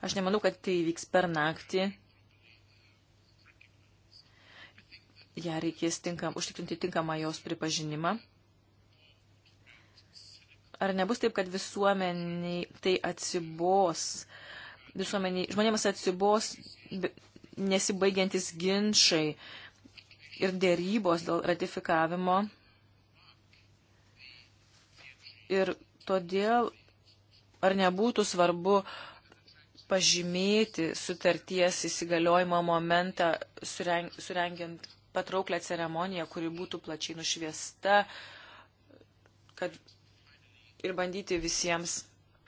Aš nemanau, kad tai vyks per naktį. Ja reikės tinkam, užtikrinti tinkamą jos pripažinimą. Ar nebus taip, kad visuomeniai tai atsibos, visuomeniai, žmonėms atsibos nesibaigiantis ginčiai ir dėrybos dėl ratifikavimo Ir todėl ar nebūtų svarbu pažymėti sutarties įsigaliojimo momentą, surengiant patrauklę ceremoniją, kuri būtų plačiai nušviesta, kad ir bandyti visiems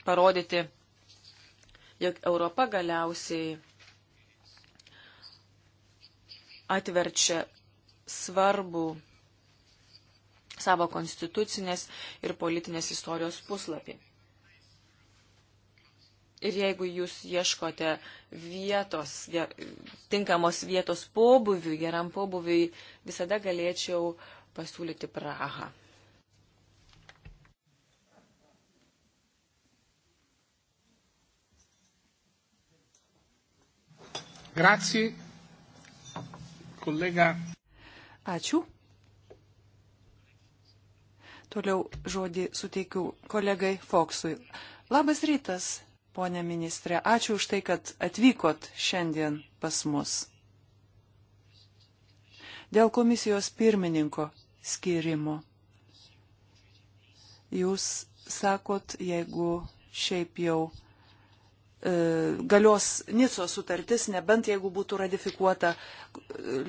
parodyti, jog Europa galiausiai atverčia svarbų savo konstitucinės ir politinės istorijos puslapį. Ir jeigu jūs ieškote vietos, tinkamos vietos pobuviui, geram pobuviui, visada galėčiau pasiūlyti Prahą. Grazie, kolega. Ačiū. Toliau žodį suteikiu kolegai Foksui. Labas rytas, ponė ministrė. Ačiū už tai, kad atvykot šiandien pas mus. Dėl komisijos pirmininko skirimo. Jūs sakot, jeigu šiaip jau E, galios Nico sutartis, nebent jeigu būtų ratifikuota e,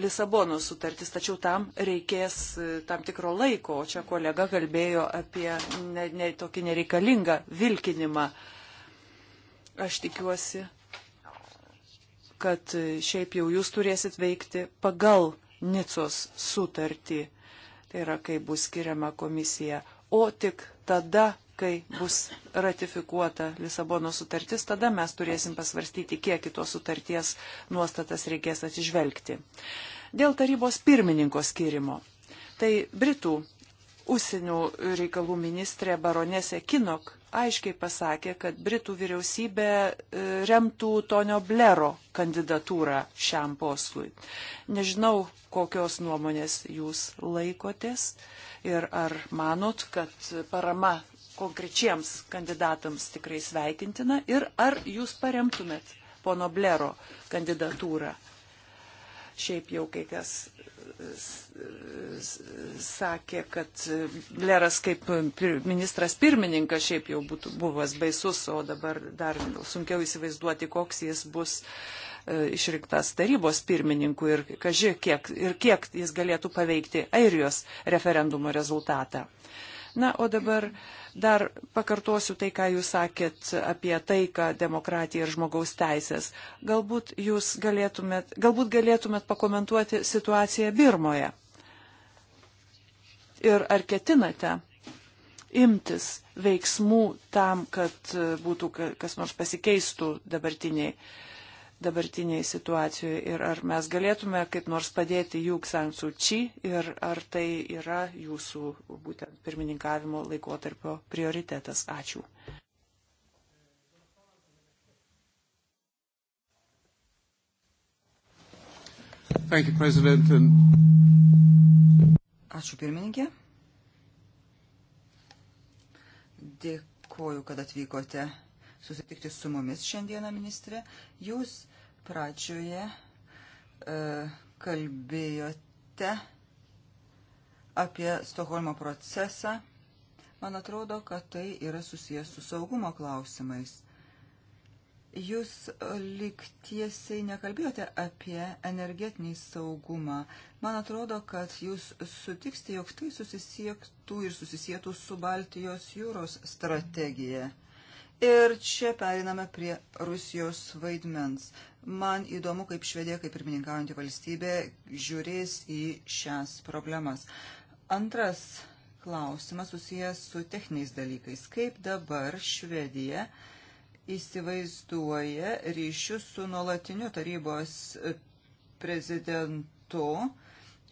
Lisabono sutartis, tačiau tam reikės e, tam tikro laiko, o čia kolega kalbėjo apie ne, ne, tokį nereikalingą vilkinimą. Aš tikiuosi, kad šiaip jau jūs turėsit veikti pagal Nicos sutartį, tai yra, kai bus skiriama komisija, o tik tada kai bus ratifikuota Lisabono sutartis, tada mes turėsim pasvarstyti, kiek kitos sutarties nuostatas reikės atsižvelgti. Dėl tarybos pirmininko skirimo. Tai Britų užsienio reikalų ministrė baronėse Kinok aiškiai pasakė, kad Britų vyriausybė e, remtų Tonio Blero kandidatūrą šiam postui. Nežinau, kokios nuomonės jūs laikotės ir ar manot, kad parama konkrečiems kandidatams tikrai sveikintina ir ar jūs paremtumėt pono Blero kandidatūrą. Šiaip jau kai kas sakė, kad Bleras kaip ministras pirmininkas šiaip jau būtų buvęs baisus, o dabar dar sunkiau įsivaizduoti, koks jis bus e, išrinktas tarybos pirmininku ir, kaži, kiek, ir kiek jis galėtų paveikti Airijos referendumo rezultatą. Uh, Na, o dabar dar pakartosiu tai, ką jūs sakėt apie taiką, demokratiją ir žmogaus teisės. Galbūt jūs galėtumėt, galbūt galėtumėt pakomentuoti situaciją Birmoje. Ir ar ketinate imtis veiksmų tam, kad būtų kas nors pasikeistų dabartiniai uh, dabartiniai situacijoje ir ar mes galėtume kaip nors padėti jų Ksansu Či ir ar tai yra jūsų būtent pirmininkavimo laikotarpio prioritetas. Ačiū. Thank you, President. And... Ačiū pirmininkė. Dėkuoju, kad atvykote susitikti su mumis šiandieną, ministrė. Jūs pradžioje e, kalbėjote apie Stokholmo procesą. Man atrodo, kad tai yra susijęs su saugumo klausimais. Jūs lik tiesiai nekalbėjote apie energetinį saugumą. Man atrodo, kad jūs sutiksite, jog tai susisiektų ir susisietų su Baltijos jūros strategija. Mm. Ir čia periname prie Rusijos vaidmens. Man įdomu, kaip Švedija, kaip pirmininkaujanti valstybė, žiūrės į šias problemas. Antras klausimas susijęs su techniniais dalykais. Kaip dabar Švedija įsivaizduoja ryšius su nuolatiniu tarybos prezidentu?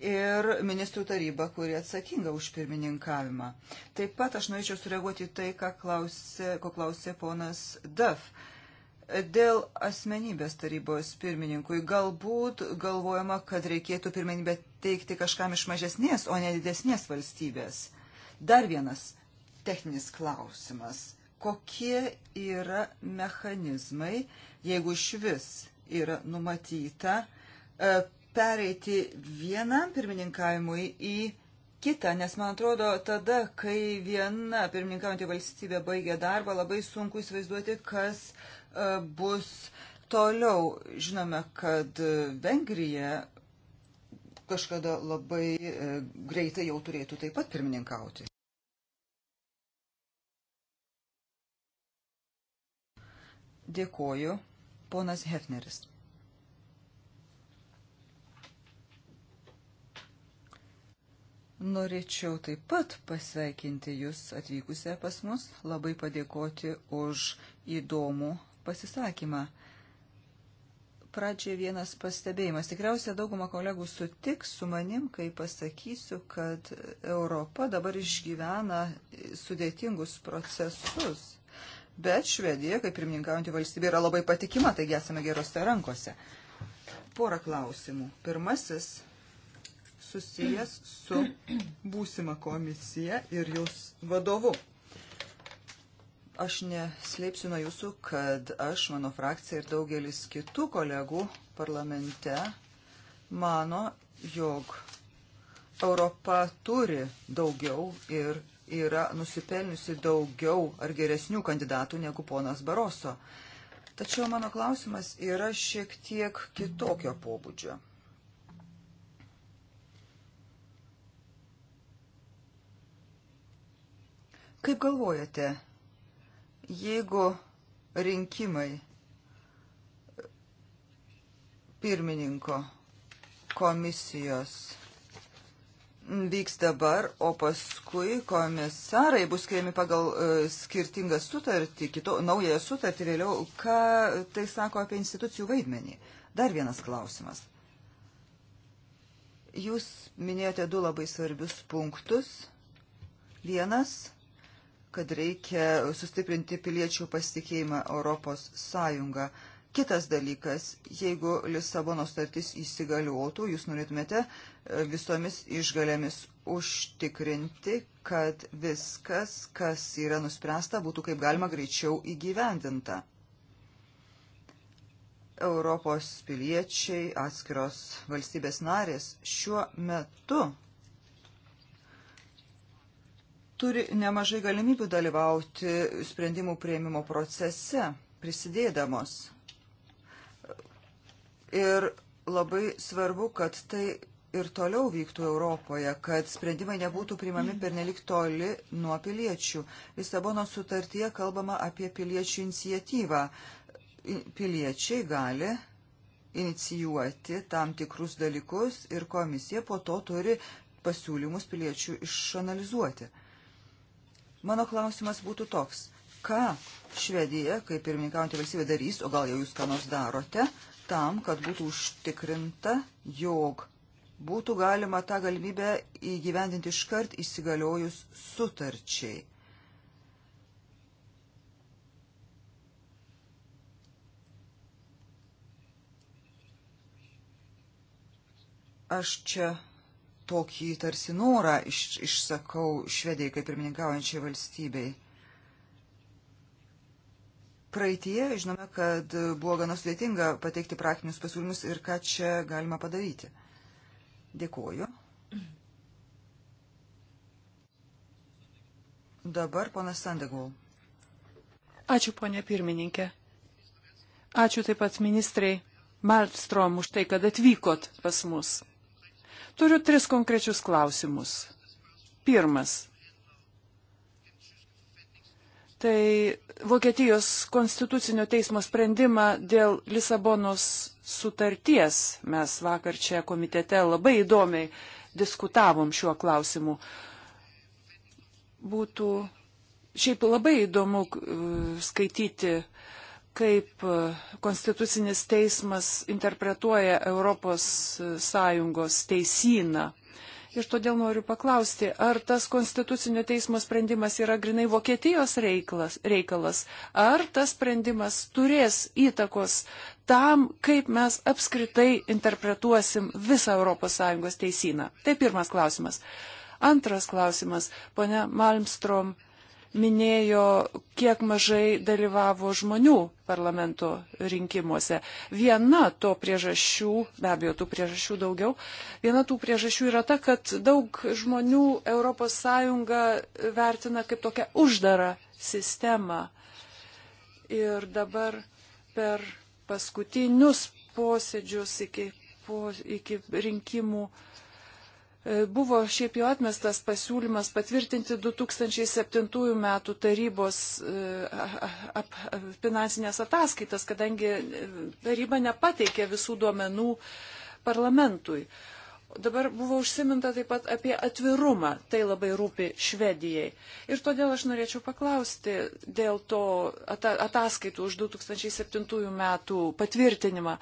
ir ministrų taryba, kuri atsakinga už pirmininkavimą. Taip pat aš norėčiau sureaguoti tai, klausė, ko klausė ponas Daf. Dėl asmenybės tarybos pirmininkui galbūt galvojama, kad reikėtų pirmenybę teikti kažkam iš mažesnės, o ne didesnės valstybės. Dar vienas techninis klausimas. Kokie yra mechanizmai, jeigu iš vis yra numatyta e, pereiti vienam pirmininkavimui į kitą, nes man atrodo, tada, kai viena pirmininkaujantį valstybę baigia darbą, labai sunku įsivaizduoti, kas e, bus toliau. Žinome, kad e, Vengrija kažkada labai e, greitai jau turėtų taip pat pirmininkauti. Dėkoju, ponas Hefneris. Norėčiau taip pat pasveikinti Jūs atvykusią pas mus, labai padėkoti už įdomų pasisakymą. Pradžioje vienas pastebėjimas. Tikriausiai dauguma kolegų sutiks su manim, kai pasakysiu, kad Europa dabar išgyvena sudėtingus procesus. Bet Švedija, kaip pirmininkaujantį valstybė, yra labai patikima, taigi esame gerose rankose. Porą klausimų. Pirmasis susijęs su būsima komisija ir jūs vadovu. Aš neslėpsiu nuo jūsų, kad aš, mano frakcija ir daugelis kitų kolegų parlamente mano, jog Europa turi daugiau ir yra nusipelniusi daugiau ar geresnių kandidatų negu ponas Baroso. Tačiau mano klausimas yra šiek tiek kitokio pobūdžio. Kaip galvojate, jeigu rinkimai pirmininko komisijos vyks dabar, o paskui komisarai bus skiriami pagal uh, skirtingą sutartį, kito, naują sutartį vėliau. Ką tai sako apie institucijų vaidmenį? Dar vienas klausimas. Jūs minėjote du labai svarbius punktus. Vienas kad reikia sustiprinti piliečių pasitikėjimą Europos Sąjungą. Kitas dalykas, jeigu Lisabono startis įsigaliuotų, jūs norėtumėte e, visomis išgalėmis užtikrinti, kad viskas, kas yra nuspręsta, būtų kaip galima greičiau įgyvendinta. Europos piliečiai, atskiros valstybės narės šiuo metu turi nemažai galimybių dalyvauti sprendimų prieimimo procese, prisidėdamos. Ir labai svarbu, kad tai ir toliau vyktų Europoje, kad sprendimai nebūtų priimami pernelik toli nuo piliečių. Lisabono sutartyje kalbama apie piliečių inicijatyvą. Piliečiai gali inicijuoti tam tikrus dalykus ir komisija po to turi pasiūlymus piliečių išanalizuoti. Mano klausimas būtų toks. Ką Švedija, kaip pirmininkaujantį valstybę, darys, o gal jau jūs ką nors darote, tam, kad būtų užtikrinta, jog būtų galima tą galimybę įgyvendinti iškart įsigaliojus sutarčiai. Aš čia tokį tarsi norą iš, išsakau švedijai kaip pirmininkaujančiai valstybei. Praeitie žinome, kad buvo gana sudėtinga pateikti praktinius pasiūlymus ir ką čia galima padaryti. Dėkuoju. Dabar ponas Sandegau. Ačiū, ponė pirmininkė. Ačiū taip pat ministrei Malmstrom už tai, kad atvykot pas mus. Turiu tris konkrečius klausimus. Pirmas. Tai Vokietijos konstitucinio teismo sprendimą dėl Lisabonos sutarties. Mes vakar čia komitete labai įdomiai diskutavom šiuo klausimu. Būtų šiaip labai įdomu skaityti uh, kaip e, Konstitucinis teismas interpretuoja ES teisyną. Ir todėl noriu paklausti, ar tas Konstitucinio teismo sprendimas yra grinai Vokietijos reiklas, reikalas, ar tas sprendimas turės įtakos tam, kaip mes apskritai interpretuosim visą ES teisyną. Tai pirmas klausimas. Antras klausimas, ponia Malmstrom minėjo, kiek mažai dalyvavo žmonių parlamento rinkimuose. Viena to priežasčių, be abejo, tų priežasčių daugiau, viena tų priežasčių yra ta, kad daug žmonių ES vertina kaip tokią uždarą sistemą. Ir dabar per paskutinius posėdžius iki, po, iki rinkimų uh, E, buvo šiaip jau atmestas pasiūlymas patvirtinti 2007 metų tarybos e, finansinės ataskaitas, kadangi taryba nepateikė visų duomenų parlamentui. Dabar buvo užsiminta taip pat apie atvirumą, tai labai rūpi Švedijai. Ir todėl aš norėčiau paklausti dėl to ataskaitų už 2007 metų patvirtinimą.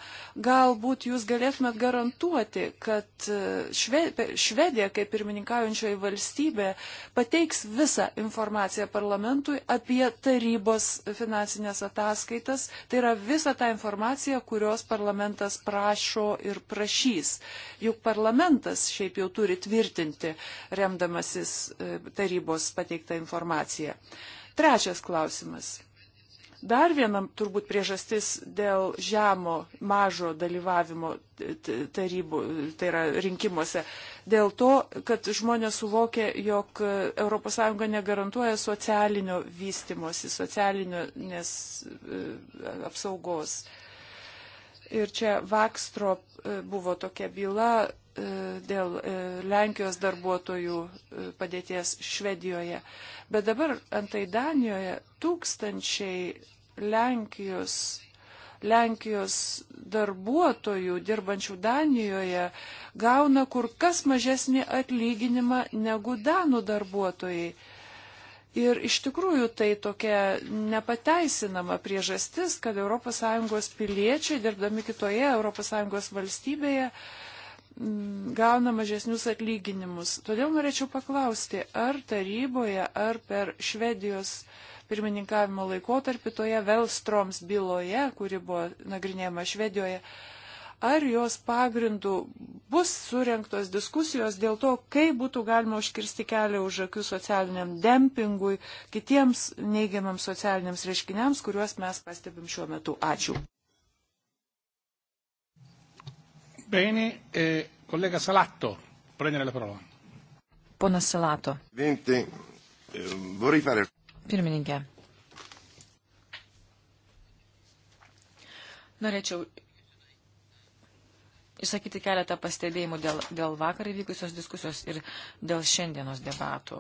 Galbūt jūs galėtumėt garantuoti, kad e, Švedija, kaip pirmininkaujančioji valstybė, pateiks visą informaciją parlamentui apie tarybos finansinės ataskaitas. Tai yra visa ta informacija, kurios parlamentas prašo ir prašys. Juk parlamentas parlamentas šiaip jau turi tvirtinti, remdamasis e, tarybos pateiktą informaciją. Trečias klausimas. Dar viena turbūt priežastis dėl žemo, mažo dalyvavimo tarybų, tai yra rinkimuose, dėl to, kad žmonės suvokia, jog ES negarantuoja socialinio vystimosi, socialinio nes, e, apsaugos. Ir čia Vakstrop e, buvo tokia byla E, dėl e, Lenkijos darbuotojų e, padėties Švedijoje. Bet dabar antai Danijoje tūkstančiai Lenkijos, Lenkijos darbuotojų dirbančių Danijoje gauna kur kas mažesnį atlyginimą negu Danų darbuotojai. Ir iš tikrųjų tai tokia nepateisinama priežastis, kad ES piliečiai, dirbdami kitoje ES valstybėje, Mm, gauna mažesnius atlyginimus. Todėl norėčiau paklausti, ar taryboje, ar per Švedijos pirmininkavimo laikotarpį toje Velstroms byloje, kuri buvo nagrinėjama Švedijoje, ar jos pagrindų bus surinktos diskusijos dėl to, kaip būtų galima užkirsti kelią už akių socialiniam dempingui, kitiems neigiamams socialiniams reiškiniams, kuriuos mes pastebim šiuo metu. Ačiū. Bene, eh, kolega Salatto, prendere la parola. Ponas Salato. Eh, Pirmininkė. Norėčiau išsakyti keletą pastebėjimų dėl, dėl vakar įvykusios diskusijos ir dėl šiandienos debatų.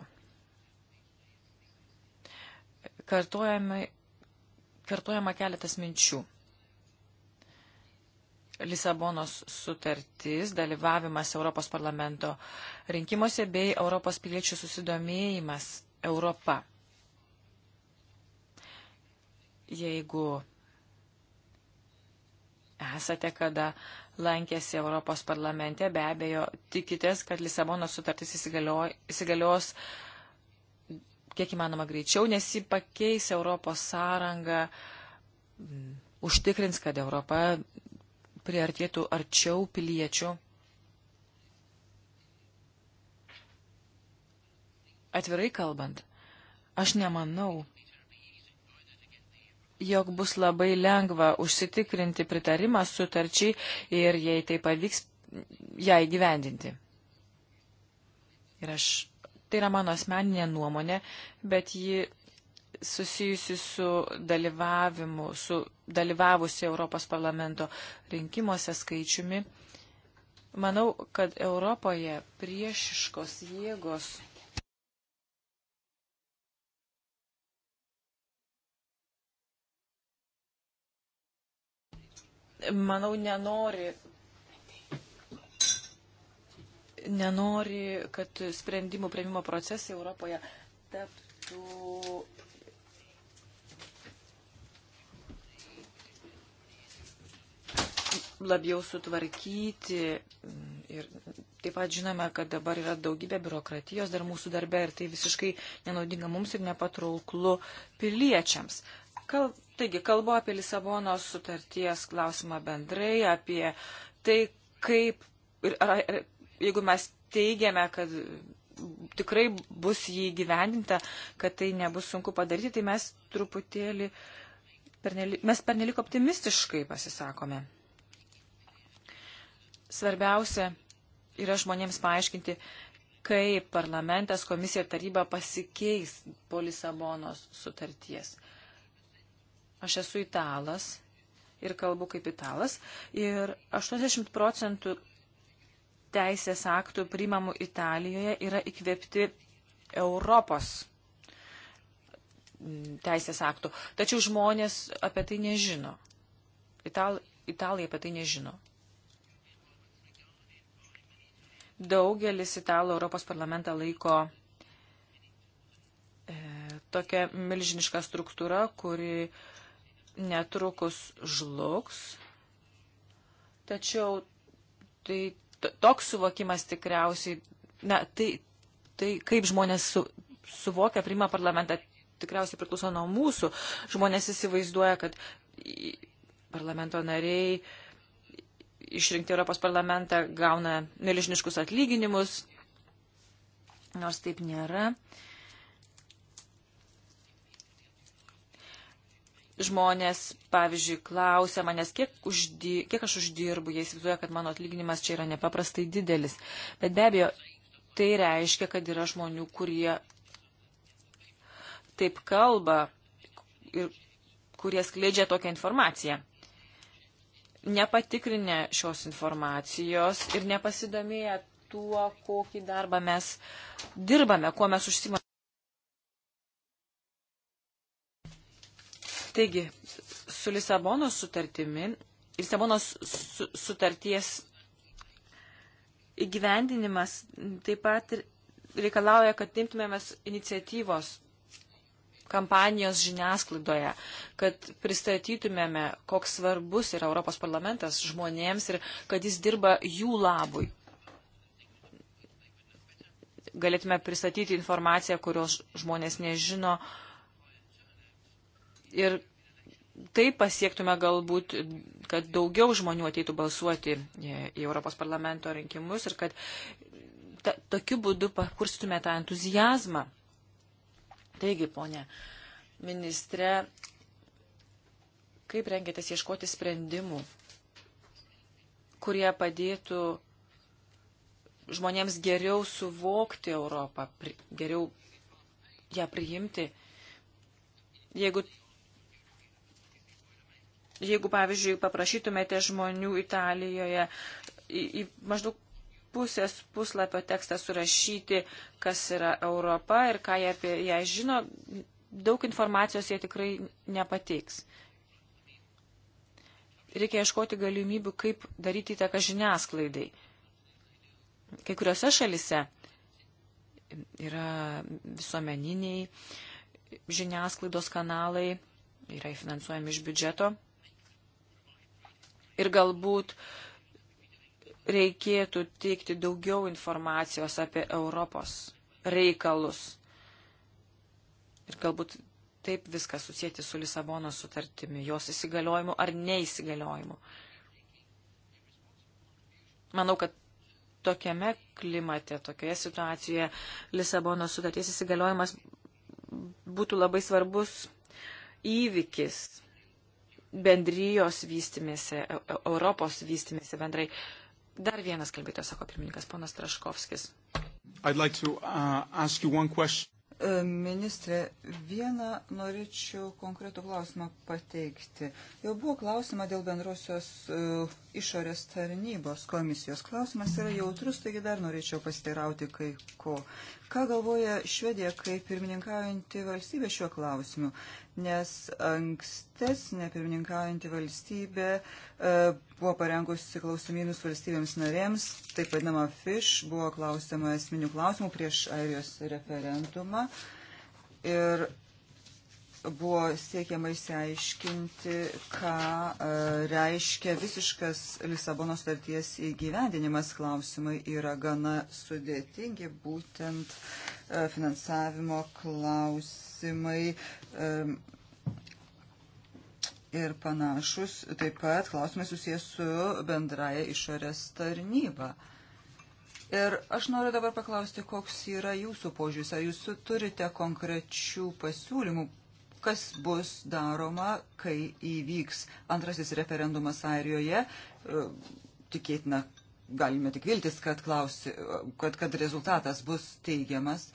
Kartuojama, kartuojama keletas minčių. Lisabonos sutartis, dalyvavimas Europos parlamento rinkimuose bei Europos piliečių susidomėjimas Europa. Jeigu esate kada lankėsi Europos parlamente, be abejo, tikitės, kad Lisabonos sutartis įsigalios kiek įmanoma greičiau, nes ji pakeis Europos sąrangą, užtikrins, kad Europa priartėtų arčiau piliečių. Atvirai kalbant, aš nemanau, jog bus labai lengva užsitikrinti pritarimą sutarčiai ir jei tai pavyks, ją įgyvendinti. Ir aš, tai yra mano asmeninė nuomonė, bet ji susijusi su dalyvavimu, su dalyvavusi Europos parlamento rinkimuose skaičiumi. Manau, kad Europoje priešiškos jėgos manau, nenori, nenori, kad sprendimų prieimimo procesai Europoje taptų labiau sutvarkyti. Ir taip pat žinome, kad dabar yra daugybė biurokratijos dar mūsų darbe ir tai visiškai nenaudinga mums ir nepatrauklu piliečiams. Kal, taigi, kalbu apie Lisabonos sutarties klausimą bendrai, apie tai, kaip ir ar, ar, jeigu mes teigiame, kad tikrai bus jį gyvendinta, kad tai nebus sunku padaryti, tai mes truputėlį, perneli, mes pernelik optimistiškai pasisakome. Svarbiausia yra žmonėms paaiškinti, kaip parlamentas, komisija ir taryba pasikeis po Lisabonos sutarties. Aš esu italas ir kalbu kaip italas ir 80 procentų teisės aktų priimamų Italijoje yra įkvėpti Europos teisės aktų. Tačiau žmonės apie tai nežino. Ital, italai apie tai nežino. Daugelis italų Europos parlamentą laiko e, tokia milžiniška struktūra, kuri netrukus žlugs. Tačiau tai toks suvokimas tikriausiai, na, tai, tai kaip žmonės su, suvokia, priima parlamentą, tikriausiai priklauso nuo mūsų. Žmonės įsivaizduoja, kad parlamento nariai išrinkti Europos parlamentą gauna milžiniškus atlyginimus, nors taip nėra. Žmonės, pavyzdžiui, klausia manęs, kiek, uždi, kiek aš uždirbu, jie įsivaizduoja, kad mano atlyginimas čia yra nepaprastai didelis. Bet be abejo, tai reiškia, kad yra žmonių, kurie taip kalba ir kurie skleidžia tokią informaciją nepatikrinę šios informacijos ir nepasidomėję tuo, kokį darbą mes dirbame, kuo mes užsimame. Taigi, su Lisabonos sutartimi, Lisabonos su, sutarties įgyvendinimas taip pat reikalauja, kad imtumėmės iniciatyvos kampanijos žiniasklaidoje, kad pristatytumėme, koks svarbus yra Europos parlamentas žmonėms ir kad jis dirba jų labui. Galėtume pristatyti informaciją, kurios žmonės nežino ir taip pasiektume galbūt, kad daugiau žmonių ateitų balsuoti į Europos parlamento rinkimus ir kad ta, tokiu būdu pakurstume tą entuzijazmą Taigi, ponė ministre, kaip rengėtės ieškoti sprendimų, kurie padėtų žmonėms geriau suvokti Europą, pri, geriau ją priimti. Jeigu, jeigu pavyzdžiui, paprašytumėte žmonių Italijoje į, į maždaug pusės puslapio tekstą surašyti, kas yra Europa ir ką jie apie ją žino. Daug informacijos jie tikrai nepateiks. Reikia ieškoti galimybių, kaip daryti įtaką žiniasklaidai. Kai kuriuose šalise yra visuomeniniai žiniasklaidos kanalai, yra finansuojami iš biudžeto. Ir galbūt uh, reikėtų teikti daugiau informacijos apie Europos reikalus. Ir galbūt taip viską susijęti su Lisabono sutartimi, jos įsigaliojimu ar neįsigaliojimu. Manau, kad tokiame klimate, tokioje situacijoje Lisabono sutarties įsigaliojimas būtų labai svarbus įvykis bendrijos vystimėse, e- e- Europos vystimėse bendrai. Dar vienas kalbėtojas, sako pirmininkas, ponas Traškovskis. Like to, uh, e, Ministrė, vieną norėčiau konkretų klausimą pateikti. Jau buvo klausima dėl bendrosios uh, išorės tarnybos komisijos klausimas yra jautrus, taigi dar norėčiau pasiteirauti kai ko. Ką galvoja Švedija kaip pirmininkaujanti valstybė šiuo klausimu? Nes ankstesnė pirmininkaujanti valstybė e, buvo parengusi klausimynus valstybėms narėms, taip vadinama FISH, buvo klausima esminių klausimų prieš Airijos referendumą. Ir buvo siekiama išsiaiškinti, ką e, reiškia visiškas Lisabono starties įgyvendinimas. Klausimai yra gana sudėtingi, būtent e, finansavimo klausimai e, ir panašus. Taip pat klausimai susijęs su bendraja išorės tarnyba. Ir aš noriu dabar paklausti, koks yra jūsų požiūris. Ar jūs turite konkrečių pasiūlymų kas bus daroma, kai įvyks antrasis referendumas Airijoje. E, tikėtina, galime tik viltis, kad, klausi, kad, kad rezultatas bus teigiamas.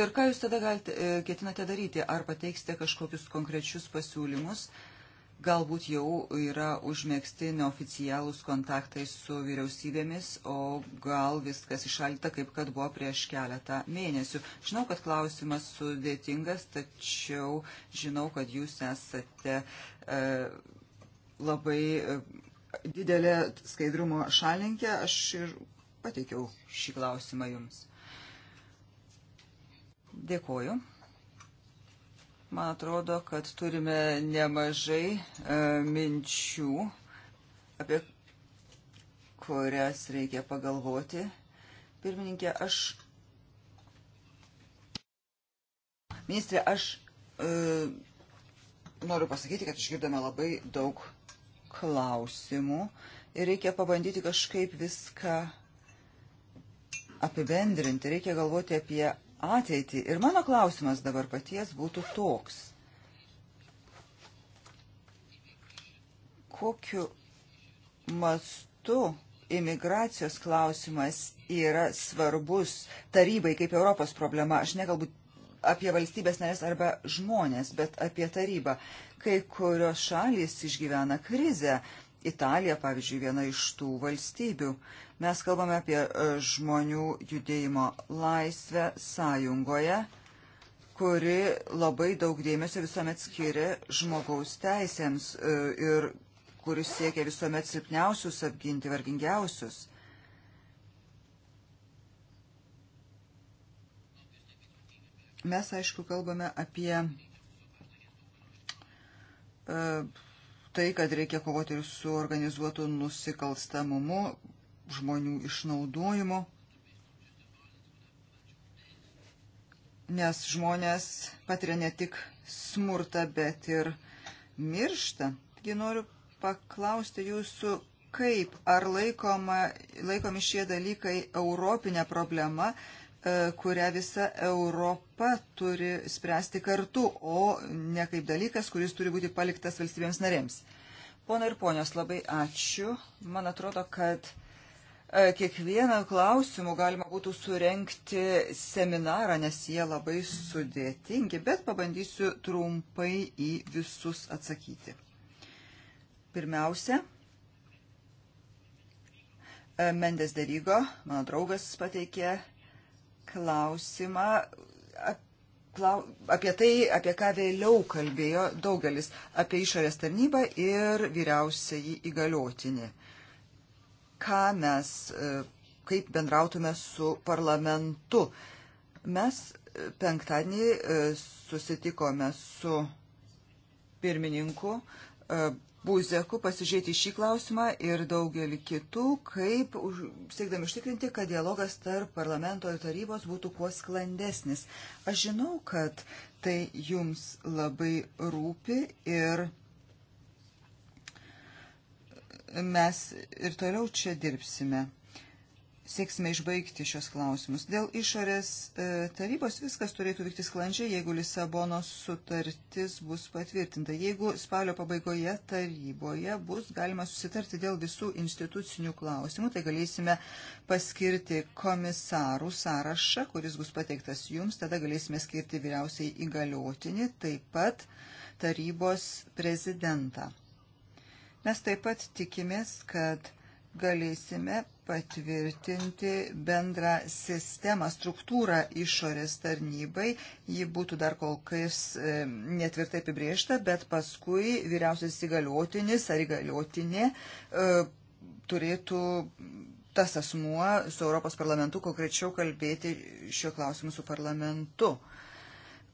Ir ką jūs tada galite, e, ketinate daryti? Ar pateiksite kažkokius konkrečius pasiūlymus? Uh, Galbūt jau yra užmėgsti neoficialūs kontaktai su vyriausybėmis, o gal viskas išalta, kaip kad buvo prieš keletą mėnesių. Žinau, kad klausimas sudėtingas, tačiau žinau, kad jūs esate e, labai e, didelė skaidrumo šalinkė. Aš ir pateikiau šį klausimą jums. Dėkoju. Man atrodo, kad turime nemažai e, minčių, apie kurias reikia pagalvoti. Pirmininkė, aš. Ministrė, aš e, noriu pasakyti, kad išgirdome labai daug klausimų ir reikia pabandyti kažkaip viską apibendrinti. Reikia galvoti apie ateitį. Ir mano klausimas dabar paties būtų toks. Kokiu mastu imigracijos klausimas yra svarbus tarybai kaip Europos problema? Aš negalbūt apie valstybės narės arba žmonės, bet apie tarybą. Kai kurios šalys išgyvena krizę, Italija, pavyzdžiui, viena iš tų valstybių. Mes kalbame apie e, žmonių judėjimo laisvę sąjungoje, kuri labai daug dėmesio visuomet skiria žmogaus teisėms e, ir kuris siekia visuomet silpniausius apginti vargingiausius. Mes, aišku, kalbame apie uh, tai, kad reikia kovoti ir su organizuotu nusikalstamumu, žmonių išnaudojimu, nes žmonės patiria ne tik smurtą, bet ir miršta. Taigi noriu paklausti jūsų, kaip ar laikoma, laikomi šie dalykai europinė problema, E, kurią visa Europa turi spręsti kartu, o ne kaip dalykas, kuris turi būti paliktas valstybėms narėms. Pono ir ponios, labai ačiū. Man atrodo, kad e, kiekvieną klausimų galima būtų surenkti seminarą, nes jie labai sudėtingi, bet pabandysiu trumpai į visus atsakyti. Pirmiausia, e, Mendes Derygo, mano draugas, pateikė klausimą apie tai, apie ką vėliau kalbėjo daugelis, apie išorės tarnybą ir vyriausiai įgaliotinį. Ką mes, e, kaip bendrautume su parlamentu. Mes e, penktadienį e, susitikome su pirmininku Buzeku pasižiūrėti šį klausimą ir daugelį kitų, kaip už, siekdami užtikrinti, kad dialogas tarp parlamento ir tarybos būtų kuo sklandesnis. Aš žinau, kad tai jums labai rūpi ir mes ir toliau čia dirbsime sėksime išbaigti šios klausimus. Dėl išorės e, tarybos viskas turėtų vykti sklandžiai, jeigu Lisabonos sutartis bus patvirtinta. Jeigu spalio pabaigoje taryboje bus galima susitarti dėl visų institucinių klausimų, tai galėsime paskirti komisarų sąrašą, kuris bus pateiktas jums, tada galėsime skirti vyriausiai įgaliotinį, taip pat tarybos prezidentą. Mes taip pat tikimės, kad galėsime patvirtinti bendrą sistemą, struktūrą išorės tarnybai. Ji būtų dar kol kas e, netvirtai apibriešta, bet paskui vyriausias įgaliotinis ar įgaliotinė e, turėtų tas asmuo su Europos parlamentu konkrečiau kalbėti šiuo klausimu su parlamentu. Uh,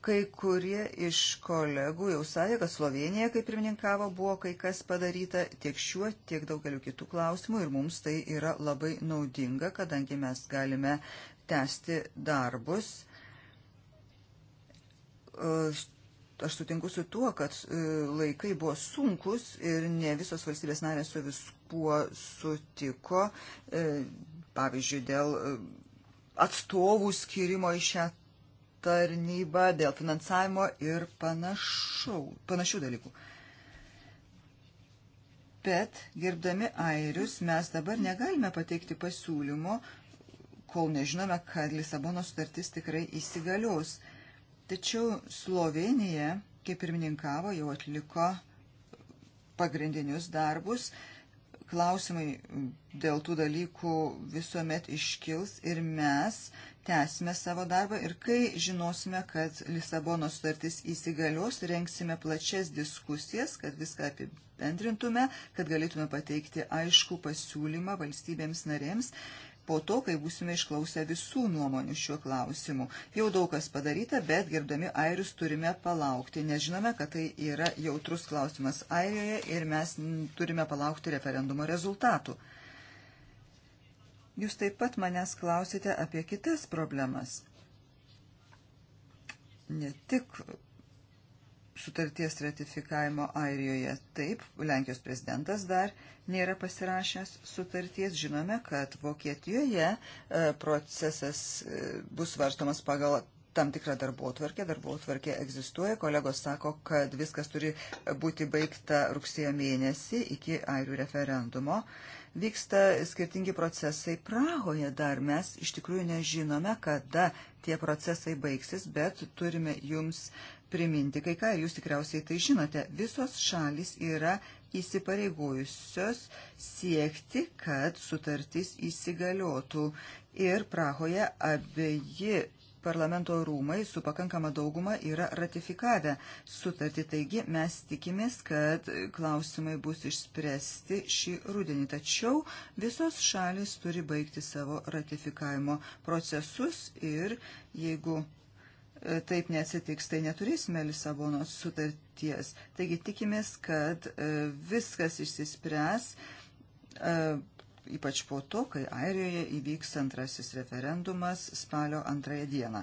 Kai kurie iš kolegų jau sakė, kad Slovenija, kaip pirmininkavo, buvo kai kas padaryta tiek šiuo, tiek daugeliu kitų klausimų ir mums tai yra labai naudinga, kadangi mes galime tęsti darbus. Aš sutinku su tuo, kad e, laikai buvo sunkus ir ne visos valstybės narės su viskuo sutiko, e, pavyzdžiui, dėl e, atstovų skirimo į šią tarnybą, dėl finansavimo ir panašų, panašių dalykų. Bet gerbdami airius mes dabar negalime pateikti pasiūlymo, kol nežinome, kad Lisabono sutartis tikrai įsigalios. Tačiau Slovenija, kaip pirmininkavo, jau atliko pagrindinius darbus klausimai dėl tų dalykų visuomet iškils ir mes tęsime savo darbą ir kai žinosime, kad Lisabono sutartis įsigalios, rengsime plačias diskusijas, kad viską apibendrintume, kad galėtume pateikti aišku pasiūlymą valstybėms narėms po to, kai būsime išklausę visų nuomonių šiuo klausimu. Jau daug kas padaryta, bet girdami airius turime palaukti, nes žinome, kad tai yra jautrus klausimas Airijoje ir mes turime palaukti referendumo rezultatų. Jūs taip pat manęs klausite apie kitas problemas. Ne tik sutarties ratifikavimo Airijoje. Taip, Lenkijos prezidentas dar nėra pasirašęs sutarties. Žinome, kad Vokietijoje e, procesas e, bus varstomas pagal tam tikrą darbotvarkę. Darbotvarkė egzistuoja. Kolegos sako, kad viskas turi būti baigta rugsėjo mėnesį iki airių referendumo. Vyksta skirtingi procesai Prahoje dar. Mes iš tikrųjų nežinome, kada tie procesai baigsis, bet turime jums priminti kai ką, jūs tikriausiai tai žinote. Visos šalis yra įsipareigojusios siekti, kad sutartis įsigaliotų. Ir Prahoje abieji parlamento rūmai su pakankama dauguma yra ratifikavę sutartį. Taigi mes tikimės, kad klausimai bus išspręsti šį rudenį. Tačiau visos šalis turi baigti savo ratifikavimo procesus ir jeigu E, taip nesitiks, tai neturėsime Lisabonos sutarties. Taigi tikimės, kad e, viskas išsispręs, e, ypač po to, kai Airijoje įvyks antrasis referendumas spalio antrąją dieną.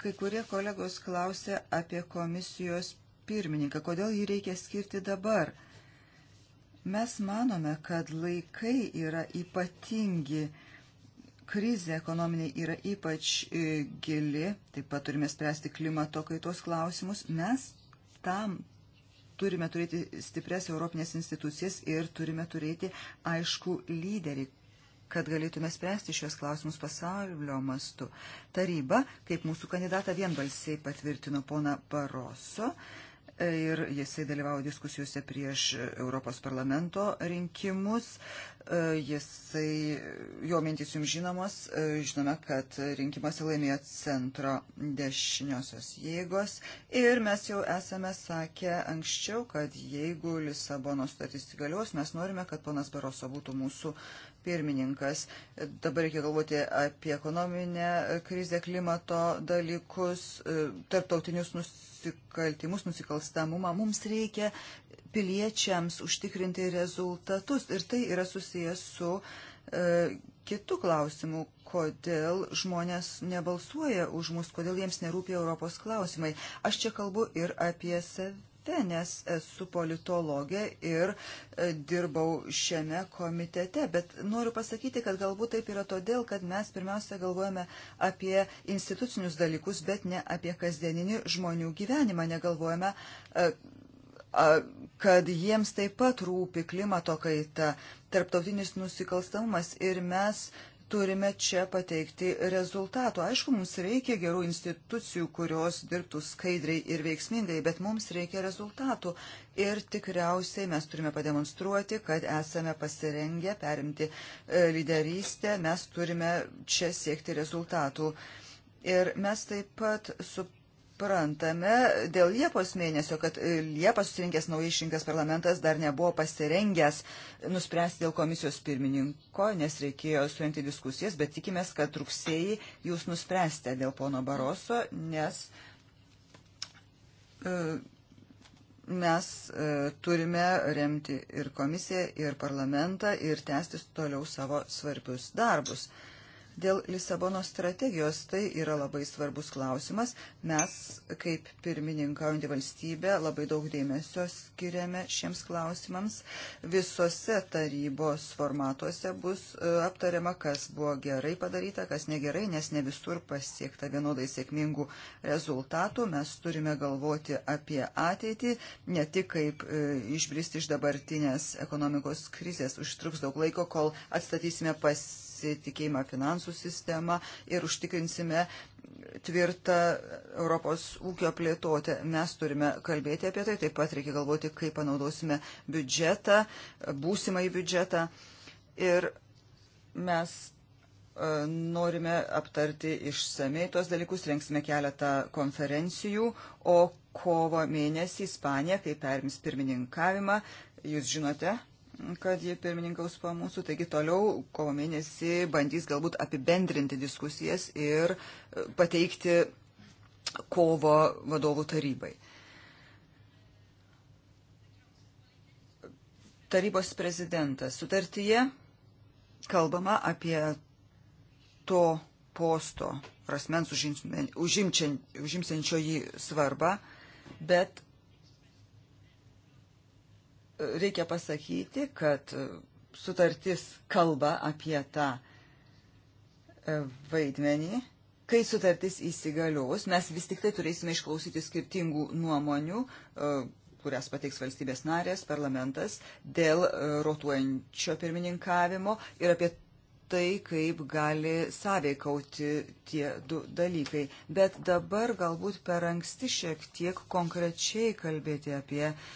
Kai kurie kolegos klausė apie komisijos pirmininką, kodėl jį reikia skirti dabar. Mes manome, kad laikai yra ypatingi Krizė ekonominė yra ypač e, gili, taip pat turime spręsti klimato kaitos klausimus. Mes tam turime turėti stipres Europinės institucijas ir turime turėti aišku lyderį, kad galėtume spręsti šios klausimus pasaulio mastu. Taryba, kaip mūsų kandidatą vienbalsiai patvirtino pona Baroso, uh, ir jisai dalyvavo diskusijose prieš Europos parlamento rinkimus. E, jisai, jo mintys jums žinomos, e, žinome, kad rinkimuose laimėjo centro dešiniosios jėgos ir mes jau esame sakę anksčiau, kad jeigu Lisabono sutartis įgalios, mes norime, kad ponas Baroso būtų mūsų pirmininkas. Dabar reikia galvoti apie ekonominę krizę, klimato dalykus, e, tarptautinius nusikaltimus nusikaltimus, nusikalstamumą, mums reikia piliečiams užtikrinti rezultatus. Ir tai yra susijęs su e, kitų klausimų, kodėl žmonės nebalsuoja už mus, kodėl jiems nerūpia Europos klausimai. Aš čia kalbu ir apie save komitete, nes esu politologė ir e, dirbau šiame komitete. Bet noriu pasakyti, kad galbūt taip yra todėl, kad mes pirmiausia galvojame apie institucinius dalykus, bet ne apie kasdieninį žmonių gyvenimą. Negalvojame e, kad jiems taip pat rūpi klimato kaita, tarptautinis nusikalstamumas ir mes turime čia pateikti rezultatų. Aišku, mums reikia gerų institucijų, kurios dirbtų skaidriai ir veiksmingai, bet mums reikia rezultatų. Ir tikriausiai mes turime pademonstruoti, kad esame pasirengę perimti e, lyderystę, mes turime čia siekti rezultatų. Ir mes taip pat suprantame, suprantame dėl Liepos mėnesio, kad Liepas susirinkęs naujai išrinktas parlamentas dar nebuvo pasirengęs nuspręsti dėl komisijos pirmininko, nes reikėjo surinkti diskusijas, bet tikimės, kad rugsėjai jūs nuspręsite dėl pono Baroso, nes e, mes e, turime remti ir komisiją, ir parlamentą, ir tęsti toliau savo svarbius darbus. Dėl Lisabono strategijos tai yra labai svarbus klausimas. Mes, kaip pirmininkaujantį valstybę, labai daug dėmesio skiriame šiems klausimams. Visose tarybos formatuose bus e, aptariama, kas buvo gerai padaryta, kas negerai, nes ne visur pasiekta vienodai sėkmingų rezultatų. Mes turime galvoti apie ateitį, ne tik kaip e, išbristi iš dabartinės ekonomikos krizės. Užtruks daug laiko, kol atstatysime pasiekti pasitikėjimą finansų sistemą ir užtikrinsime tvirtą Europos ūkio plėtotę. Mes turime kalbėti apie tai, taip pat reikia galvoti, kaip panaudosime biudžetą, būsimąjį biudžetą. Ir mes e, norime aptarti išsamei tuos dalykus, rengsime keletą konferencijų, o kovo mėnesį Ispanija, kai perims pirmininkavimą, jūs žinote, kad jie pirmininkaus po mūsų, taigi toliau kovo mėnesį bandys galbūt apibendrinti diskusijas ir e, pateikti kovo vadovų tarybai. Tarybos prezidentas sutartyje kalbama apie to posto prasmens užimsiančio jį svarbą, bet reikia pasakyti, kad sutartis kalba apie tą e, vaidmenį. Kai sutartis įsigalios, mes vis tik tai turėsime išklausyti skirtingų nuomonių, e, kurias pateiks valstybės narės, parlamentas, dėl e, rotuojančio pirmininkavimo ir apie tai, kaip gali sąveikauti tie du dalykai. Bet dabar galbūt per anksti šiek tiek konkrečiai kalbėti apie uh,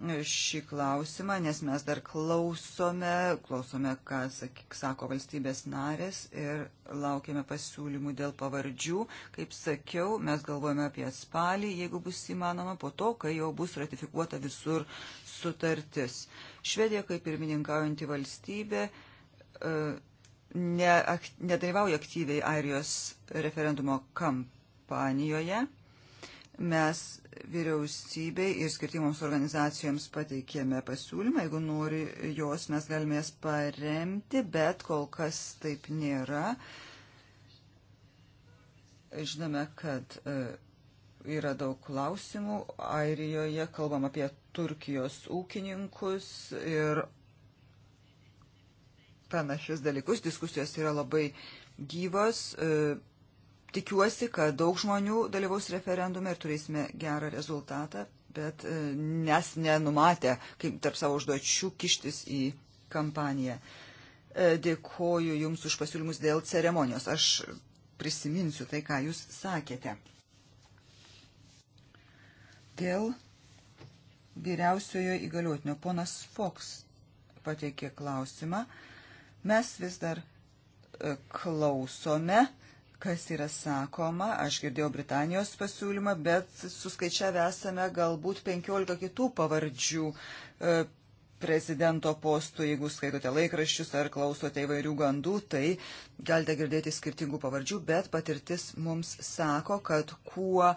šį klausimą, nes mes dar klausome, klausome, ką sakyk, sako valstybės narės ir laukiame pasiūlymų dėl pavardžių. Kaip sakiau, mes galvojame apie spalį, jeigu bus įmanoma, po to, kai jau bus ratifikuota visur sutartis. Švedija, kaip pirmininkaujanti valstybė, e, ne, ak, nedalyvauja aktyviai Airijos referendumo kampanijoje. Mes vyriausybei ir skirtingoms organizacijoms pateikėme pasiūlymą. Jeigu nori jos, mes galime jas paremti, bet kol kas taip nėra. Žinome, kad e, yra daug klausimų. Airijoje kalbam apie Turkijos ūkininkus ir panašius dalykus. Diskusijos yra labai gyvos. E, tikiuosi, kad daug žmonių dalyvaus referendume ir turėsime gerą rezultatą, bet e, nes nenumatę, kaip tarp savo užduočių kištis į kampaniją. E, dėkoju Jums už pasiūlymus dėl ceremonijos. Aš prisiminsiu tai, ką Jūs sakėte. Dėl vyriausiojo įgaliotinio ponas Fox pateikė klausimą. Mes vis dar e, klausome kas yra sakoma. Aš girdėjau Britanijos pasiūlymą, bet suskaičiavę esame galbūt 15 kitų pavardžių e, prezidento postų, jeigu skaitote laikraščius ar klausote įvairių gandų, tai galite girdėti skirtingų pavardžių, bet patirtis mums sako, kad kuo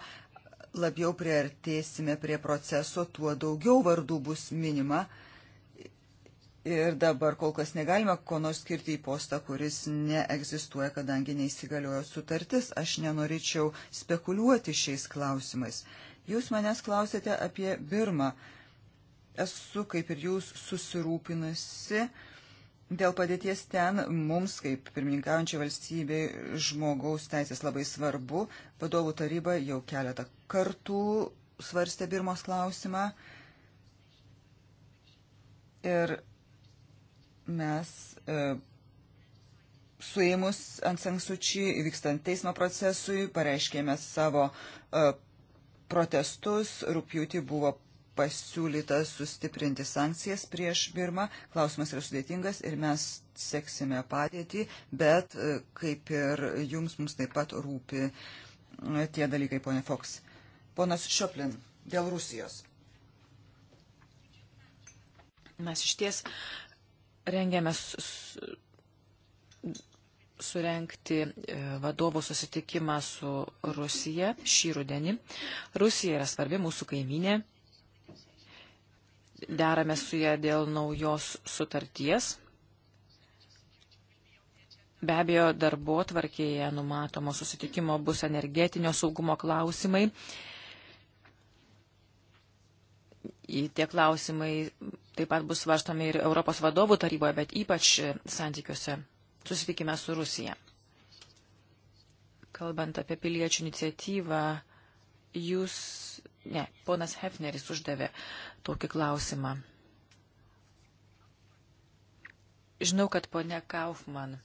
labiau priartėsime prie proceso, tuo daugiau vardų bus minima. Uh, Ir dabar kol kas negalima ko nors skirti į postą, kuris neegzistuoja, kadangi neįsigaliojo sutartis. Aš nenorėčiau spekuliuoti šiais klausimais. Jūs manęs klausėte apie Birmą. Esu, kaip ir jūs, susirūpinusi dėl padėties ten. Mums, kaip pirmininkaujančiai valstybei, žmogaus teisės labai svarbu. Vadovų taryba jau keletą kartų svarstė Birmos klausimą. Ir mes e, suėmus ant sanksučiai, vykstant teismo procesui, pareiškėme savo e, protestus. Rūpjūti buvo pasiūlyta sustiprinti sankcijas prieš Birmą. Klausimas yra sudėtingas ir mes seksime padėtį, bet e, kaip ir jums, mums taip pat rūpi e, tie dalykai, ponė Fox. Ponas Šioplin, dėl Rusijos. Mes iš ties rengiamės surenkti e, vadovų susitikimą su Rusija šį rudenį. Rusija yra svarbi mūsų kaiminė. Darame su ją dėl naujos sutarties. Be abejo, darbo tvarkėje numatomo susitikimo bus energetinio saugumo klausimai. Tie klausimai taip pat bus svarstomi ir Europos vadovų taryboje, bet ypač santykiuose susitikime su Rusija. Kalbant apie piliečių iniciatyvą, jūs, ne, ponas Hefneris uždavė tokį klausimą. Žinau, kad ponia Kaufman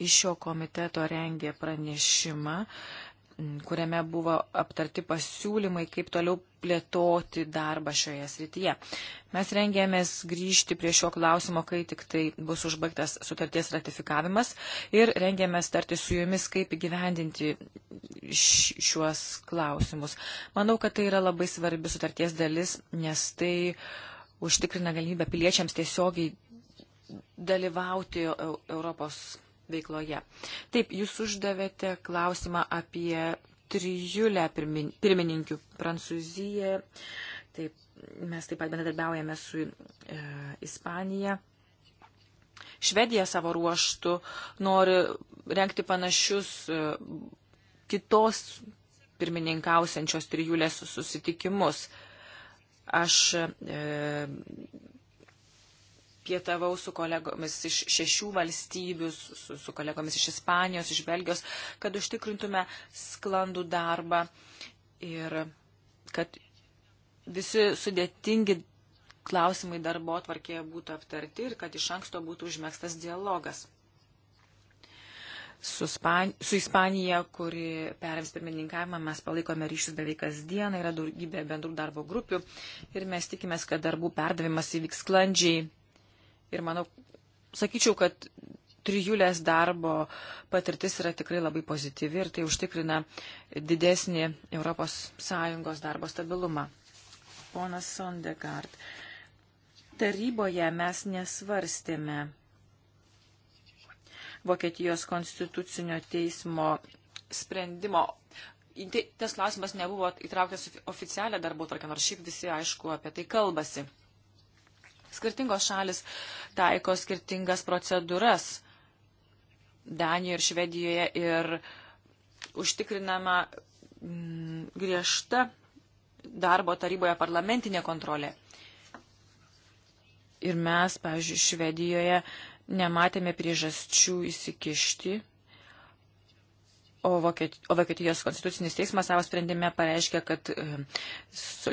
iš šio komiteto rengė pranešimą kuriame buvo aptarti pasiūlymai, kaip toliau plėtoti darbą šioje srityje. Mes rengėmės grįžti prie šio klausimo, kai tik tai bus užbaigtas sutarties ratifikavimas ir rengėmės tarti su jumis, kaip įgyvendinti šiuos klausimus. Manau, kad tai yra labai svarbi sutarties dalis, nes tai užtikrina galimybę piliečiams tiesiogiai dalyvauti Europos veikloje. Taip, jūs uždavėte klausimą apie trijulę pirmin, pirmininkių Prancūziją. Taip, mes taip pat bendradarbiaujame su e, Ispanija. Švedija savo ruoštų nori renkti panašius e, kitos pirmininkausiančios trijulės susitikimus. Aš e, pietavau su kolegomis iš šešių valstybių, su, su kolegomis iš Ispanijos, iš Belgijos, kad užtikrintume sklandų darbą ir kad visi sudėtingi klausimai darbo atvarkėje būtų aptarti ir kad iš anksto būtų užmėgstas dialogas. Su, Span su Ispanija, kuri perims pirmininkavimą, mes palaikome ryšius beveik kasdieną, yra daugybė bendrų darbo grupių ir mes tikimės, kad darbų perdavimas įvyks sklandžiai Ir manau, sakyčiau, kad trijulės darbo patirtis yra tikrai labai pozityvi ir tai užtikrina didesnį ES darbo stabilumą. Ponas Sondegard, taryboje mes nesvarstėme Vokietijos konstitucinio teismo sprendimo. Tas klausimas nebuvo įtrauktas oficialią darbo tarkim, ar šiaip visi aišku apie tai kalbasi. Skirtingos šalis taiko skirtingas procedūras Danijoje ir Švedijoje ir užtikrinama mm, griežta darbo taryboje parlamentinė kontrolė. Ir mes, pavyzdžiui, Švedijoje nematėme priežasčių įsikišti O Vokietijos konstitucinis teismas savo sprendime pareiškia, kad e,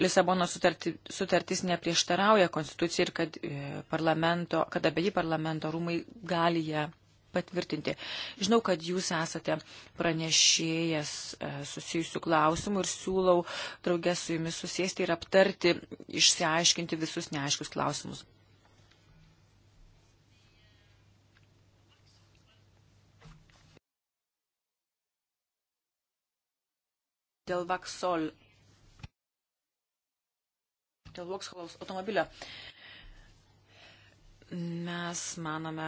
Lisabono sutarti, sutartis neprieštarauja konstitucijai ir kad, e, kad abeji parlamento rūmai gali ją patvirtinti. Žinau, kad jūs esate pranešėjas e, susijusių klausimų ir siūlau draugės su jumis susėsti ir aptarti, išsiaiškinti visus neaiškius klausimus. dėl Vaxol, dėl Vauxhalls automobilio. Mes manome,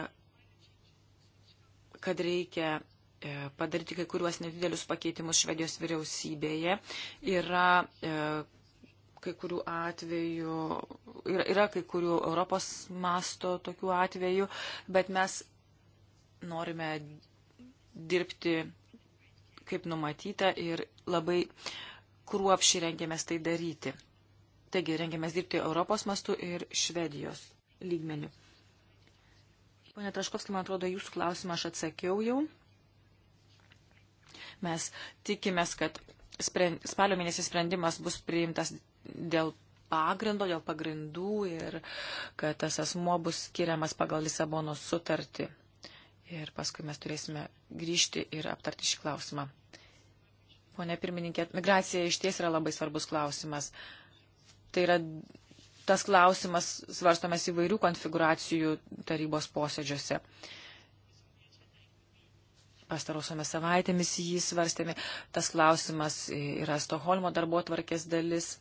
kad reikia e, padaryti kai kuriuos nedidelius pakeitimus Švedijos vyriausybėje. Yra e, kai kurių atvejų, yra, yra kai kurių Europos masto tokių atvejų, bet mes norime dirbti kaip numatyta, ir labai kruopšį rengėmės tai daryti. Taigi, rengėmės dirbti Europos mastu ir Švedijos lygmeniu. Pone Traškovskai, man atrodo, jūsų klausimą aš atsakiau jau. Mes tikimės, kad spalio mėnesį sprendimas bus priimtas dėl pagrindo, dėl pagrindų ir kad tas asmo bus skiriamas pagal Lisabono sutartį ir paskui mes turėsime grįžti ir aptarti šį klausimą. Pone pirmininkė, migracija iš ties yra labai svarbus klausimas. Tai yra tas klausimas svarstomas įvairių konfiguracijų tarybos posėdžiuose. Pastarosiomis savaitėmis jį svarstėme. Tas klausimas yra Stoholmo darbo tvarkės dalis.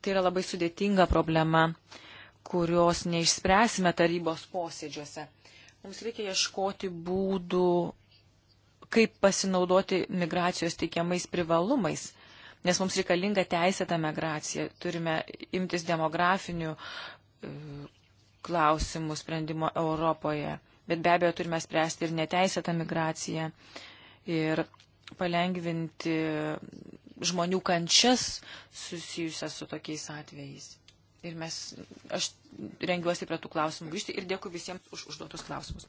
Tai yra labai sudėtinga problema, kurios neišspręsime tarybos posėdžiuose Mums reikia ieškoti būdų, kaip pasinaudoti migracijos teikiamais privalumais, nes mums reikalinga teisėta migracija. Turime imtis demografinių e, klausimų sprendimo Europoje, bet be abejo turime spręsti ir neteisėtą migraciją ir palengvinti žmonių kančias susijusias su tokiais atvejais. Ir mes, aš rengiuosi prie tų klausimų grįžti ir dėkui visiems už užduotus klausimus.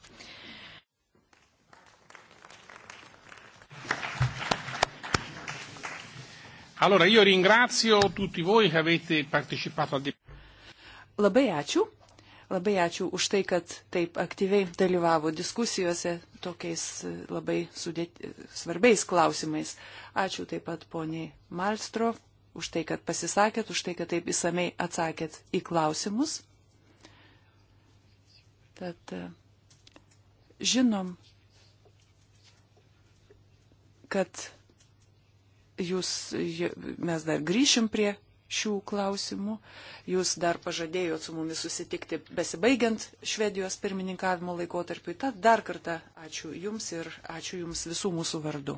Allora, io ringrazio tutti voi che avete partecipato al dibattito. Labai ačiū. Labai ačiū už tai, kad taip aktyviai dalyvavo diskusijose tokiais labai sudėti, svarbiais klausimais. Ačiū taip pat poniai Malstro už tai, kad pasisakėt, už tai, kad taip įsamei atsakėt į klausimus. Tad e, žinom, kad jūs, mes dar grįšim prie šių klausimų. Jūs dar pažadėjot su mumis susitikti besibaigiant Švedijos pirmininkavimo laikotarpiu. Tad dar kartą ačiū Jums ir ačiū Jums visų mūsų vardu.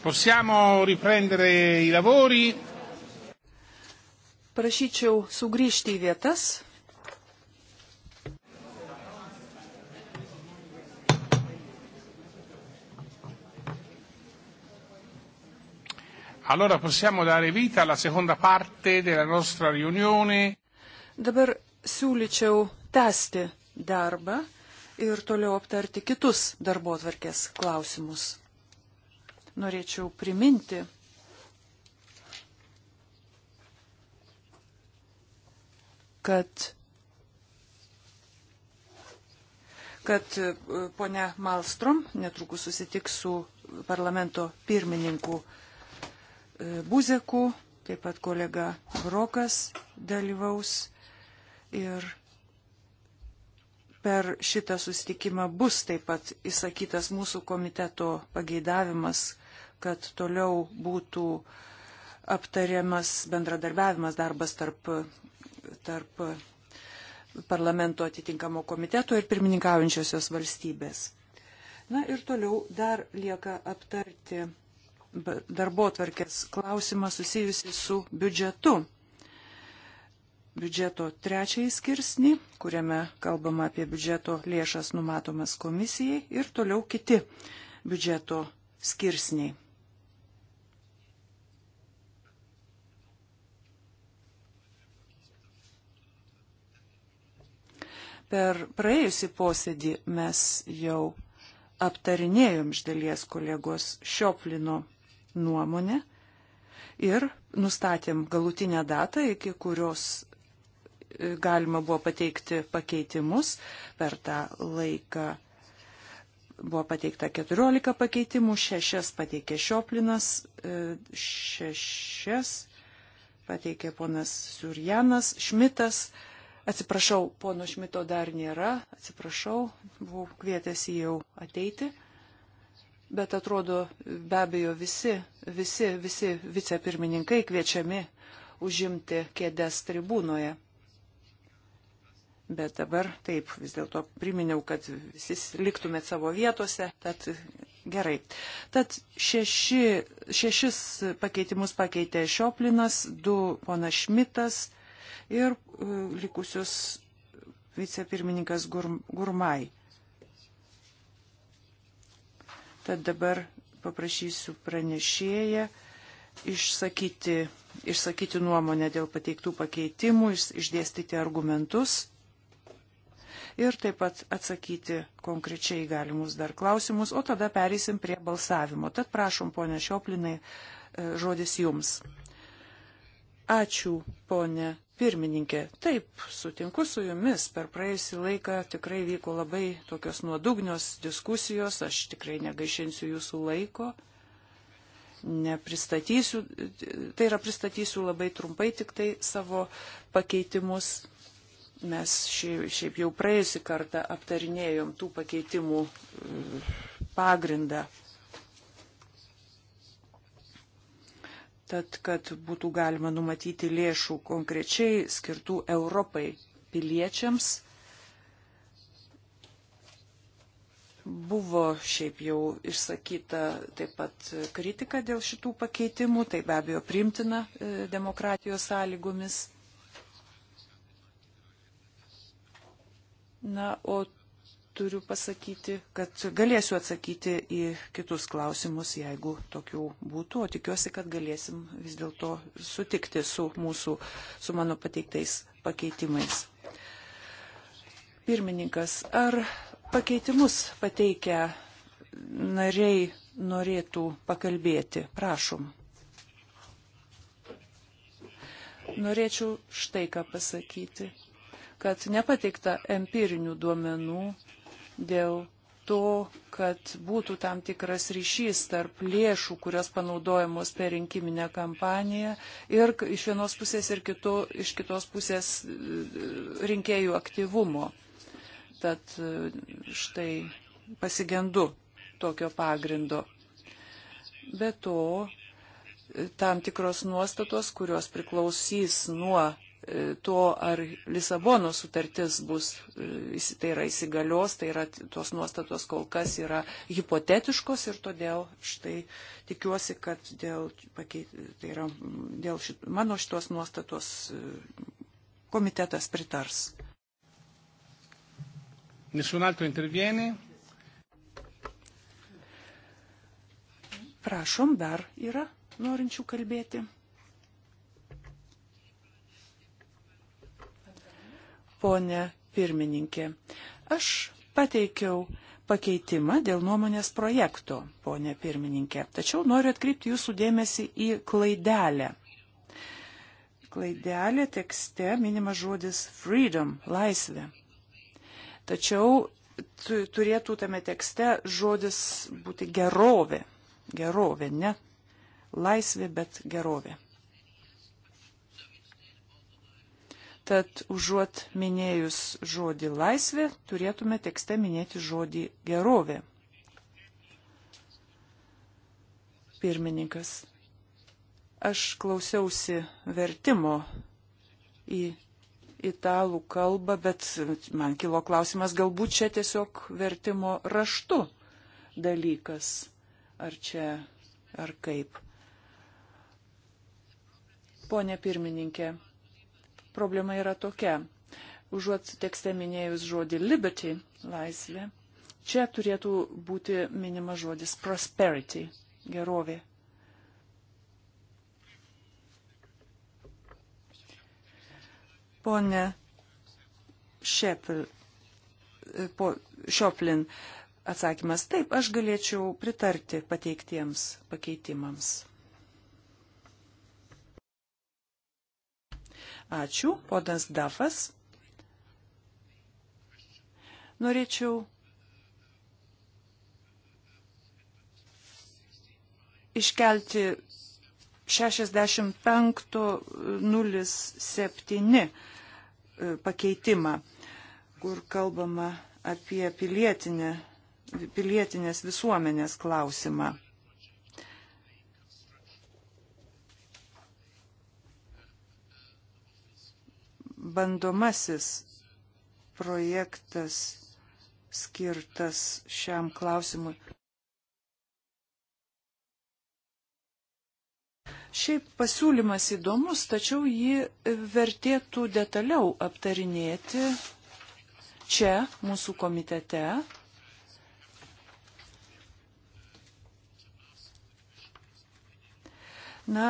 Possiamo riprendere i lavori. Prašyčiau sugrįžti į vietas. Allora possiamo dare vita alla seconda parte della nostra riunione. Dabar siūlyčiau tęsti darbą ir toliau aptarti kitus darbo tvarkės klausimus norėčiau priminti, kad kad e, ponia Malstrom netrukus susitiks su parlamento pirmininku e, Buzeku, taip pat kolega Brokas dalyvaus ir per šitą susitikimą bus taip pat įsakytas mūsų komiteto pageidavimas, kad toliau būtų aptariamas bendradarbiavimas darbas tarp, tarp parlamento atitinkamo komiteto ir pirmininkaujančiosios valstybės. Na ir toliau dar lieka aptarti darbo tvarkės klausimą susijusi su biudžetu. Biudžeto trečiąjį skirsnį, kuriame kalbama apie biudžeto lėšas numatomas komisijai ir toliau kiti biudžeto skirsniai. Per praėjusį posėdį mes jau aptarinėjom iš dalies kolegos Šioplino nuomonę ir nustatėm galutinę datą, iki kurios e, galima buvo pateikti pakeitimus per tą laiką. Buvo pateikta 14 pakeitimų, 6 pateikė Šioplinas, 6 e, pateikė ponas Surjanas, Šmitas, Atsiprašau, pono Šmito dar nėra, atsiprašau, buvau kvietęs jį jau ateiti. Bet atrodo, be abejo, visi, visi, visi vicepirmininkai kviečiami užimti kėdės tribūnoje. Bet dabar taip, vis dėlto priminiau, kad visi liktumėt savo vietose, tad gerai. Tad šeši, šešis pakeitimus pakeitė Šioplinas, du pona Šmitas, ir e, likusius vicepirmininkas Gurmai. Tad dabar paprašysiu pranešėją išsakyti, išsakyti nuomonę dėl pateiktų pakeitimų, išdėstyti argumentus ir taip pat atsakyti konkrečiai galimus dar klausimus, o tada pereisim prie balsavimo. Tad prašom, ponė Šioplinai, e, žodis jums. Ačiū, ponė pirmininkė, taip, sutinku su jumis, per praėjusį laiką tikrai vyko labai tokios nuodugnios diskusijos, aš tikrai negaišinsiu jūsų laiko, nepristatysiu, tai yra pristatysiu labai trumpai tik tai savo pakeitimus. Mes šiaip, šiaip jau praėjusį kartą aptarinėjom tų pakeitimų e, pagrindą tad kad būtų galima numatyti lėšų konkrečiai skirtų Europai piliečiams. Buvo šiaip jau išsakyta taip pat kritika dėl šitų pakeitimų, tai be abejo primtina e, demokratijos sąlygomis. Na, o turiu pasakyti, kad galėsiu atsakyti į kitus klausimus, jeigu tokių būtų, o tikiuosi, kad galėsim vis dėlto sutikti su mūsų, su mano pateiktais pakeitimais. Pirmininkas, ar pakeitimus pateikę nariai norėtų pakalbėti? Prašom. Norėčiau štai ką pasakyti, kad nepateikta empirinių duomenų dėl to, kad būtų tam tikras ryšys tarp lėšų, kurios panaudojamos per rinkiminę kampaniją ir iš vienos pusės ir kito, iš kitos pusės e, rinkėjų aktyvumo. Tad e, štai pasigendu tokio pagrindo. Be to, e, tam tikros nuostatos, kurios priklausys nuo to, ar Lisabono sutartis bus, e, tai yra įsigalios, tai yra tos nuostatos kol kas yra hipotetiškos ir todėl štai tikiuosi, kad dėl, pakeit, tai yra, dėl šit, mano šitos nuostatos e, komitetas pritars. Nessun altro interviene? Prašom, dar yra norinčių kalbėti. ponė pirmininkė. Aš pateikiau pakeitimą dėl nuomonės projekto, ponė pirmininkė. Tačiau noriu atkreipti jūsų dėmesį į klaidelę. Klaidelė tekste minimas žodis freedom, laisvė. Tačiau turėtų tame tekste žodis būti gerovė. Gerovė, ne laisvė, bet gerovė. Tad užuot minėjus žodį laisvė, turėtume tekste minėti žodį gerovė. Pirmininkas, aš klausiausi vertimo į italų kalbą, bet man kilo klausimas, galbūt čia tiesiog vertimo raštu dalykas, ar čia, ar kaip. Pone pirmininkė, problema yra tokia. Užuot tekste minėjus žodį liberty, laisvė, čia turėtų būti minima žodis prosperity, gerovė. Pone Šepil, e, po Šioplin atsakymas, taip, aš galėčiau pritarti pateiktiems pakeitimams. Ačiū, ponas Dafas. Norėčiau iškelti 65.07 e, pakeitimą, kur kalbama apie pilietinę, pilietinės visuomenės klausimą. bandomasis projektas skirtas šiam klausimui. Šiaip pasiūlymas įdomus, tačiau jį vertėtų detaliau aptarinėti čia, mūsų komitete. Na,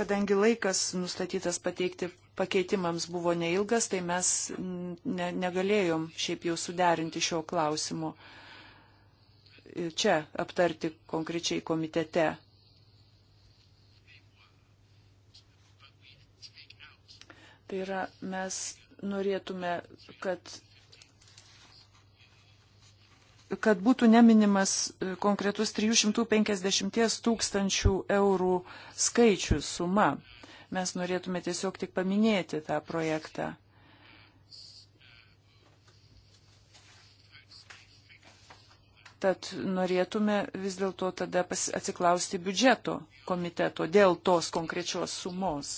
kadangi laikas nustatytas pateikti pakeitimams buvo neilgas, tai mes ne, negalėjom šiaip jau suderinti šio klausimo e, čia aptarti konkrečiai komitete. Tai yra, mes norėtume, kad, kad būtų neminimas e, konkretus 350 tūkstančių eurų skaičius suma. Mes norėtume tiesiog tik paminėti tą projektą. Tad norėtume vis dėlto tada atsiklausti biudžeto komiteto dėl tos konkrečios sumos.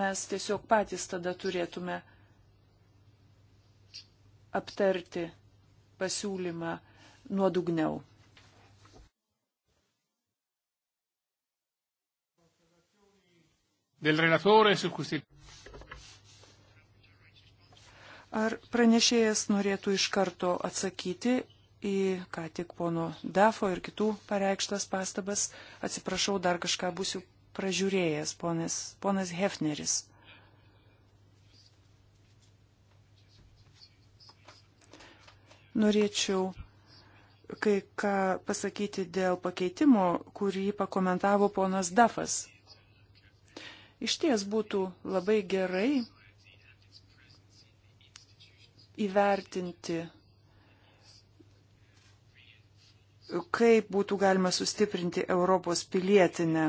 mes tiesiog patys tada turėtume aptarti pasiūlymą nuodugniau. Del relatore su questi... Ar pranešėjas norėtų iš karto atsakyti į ką tik pono Dafo ir kitų pareikštas pastabas? Atsiprašau, dar kažką būsiu pražiūrėjęs, ponas, ponas Hefneris. Norėčiau kai ką pasakyti dėl pakeitimo, kurį pakomentavo ponas Dafas. Iš ties būtų labai gerai įvertinti, kaip būtų galima sustiprinti Europos pilietinę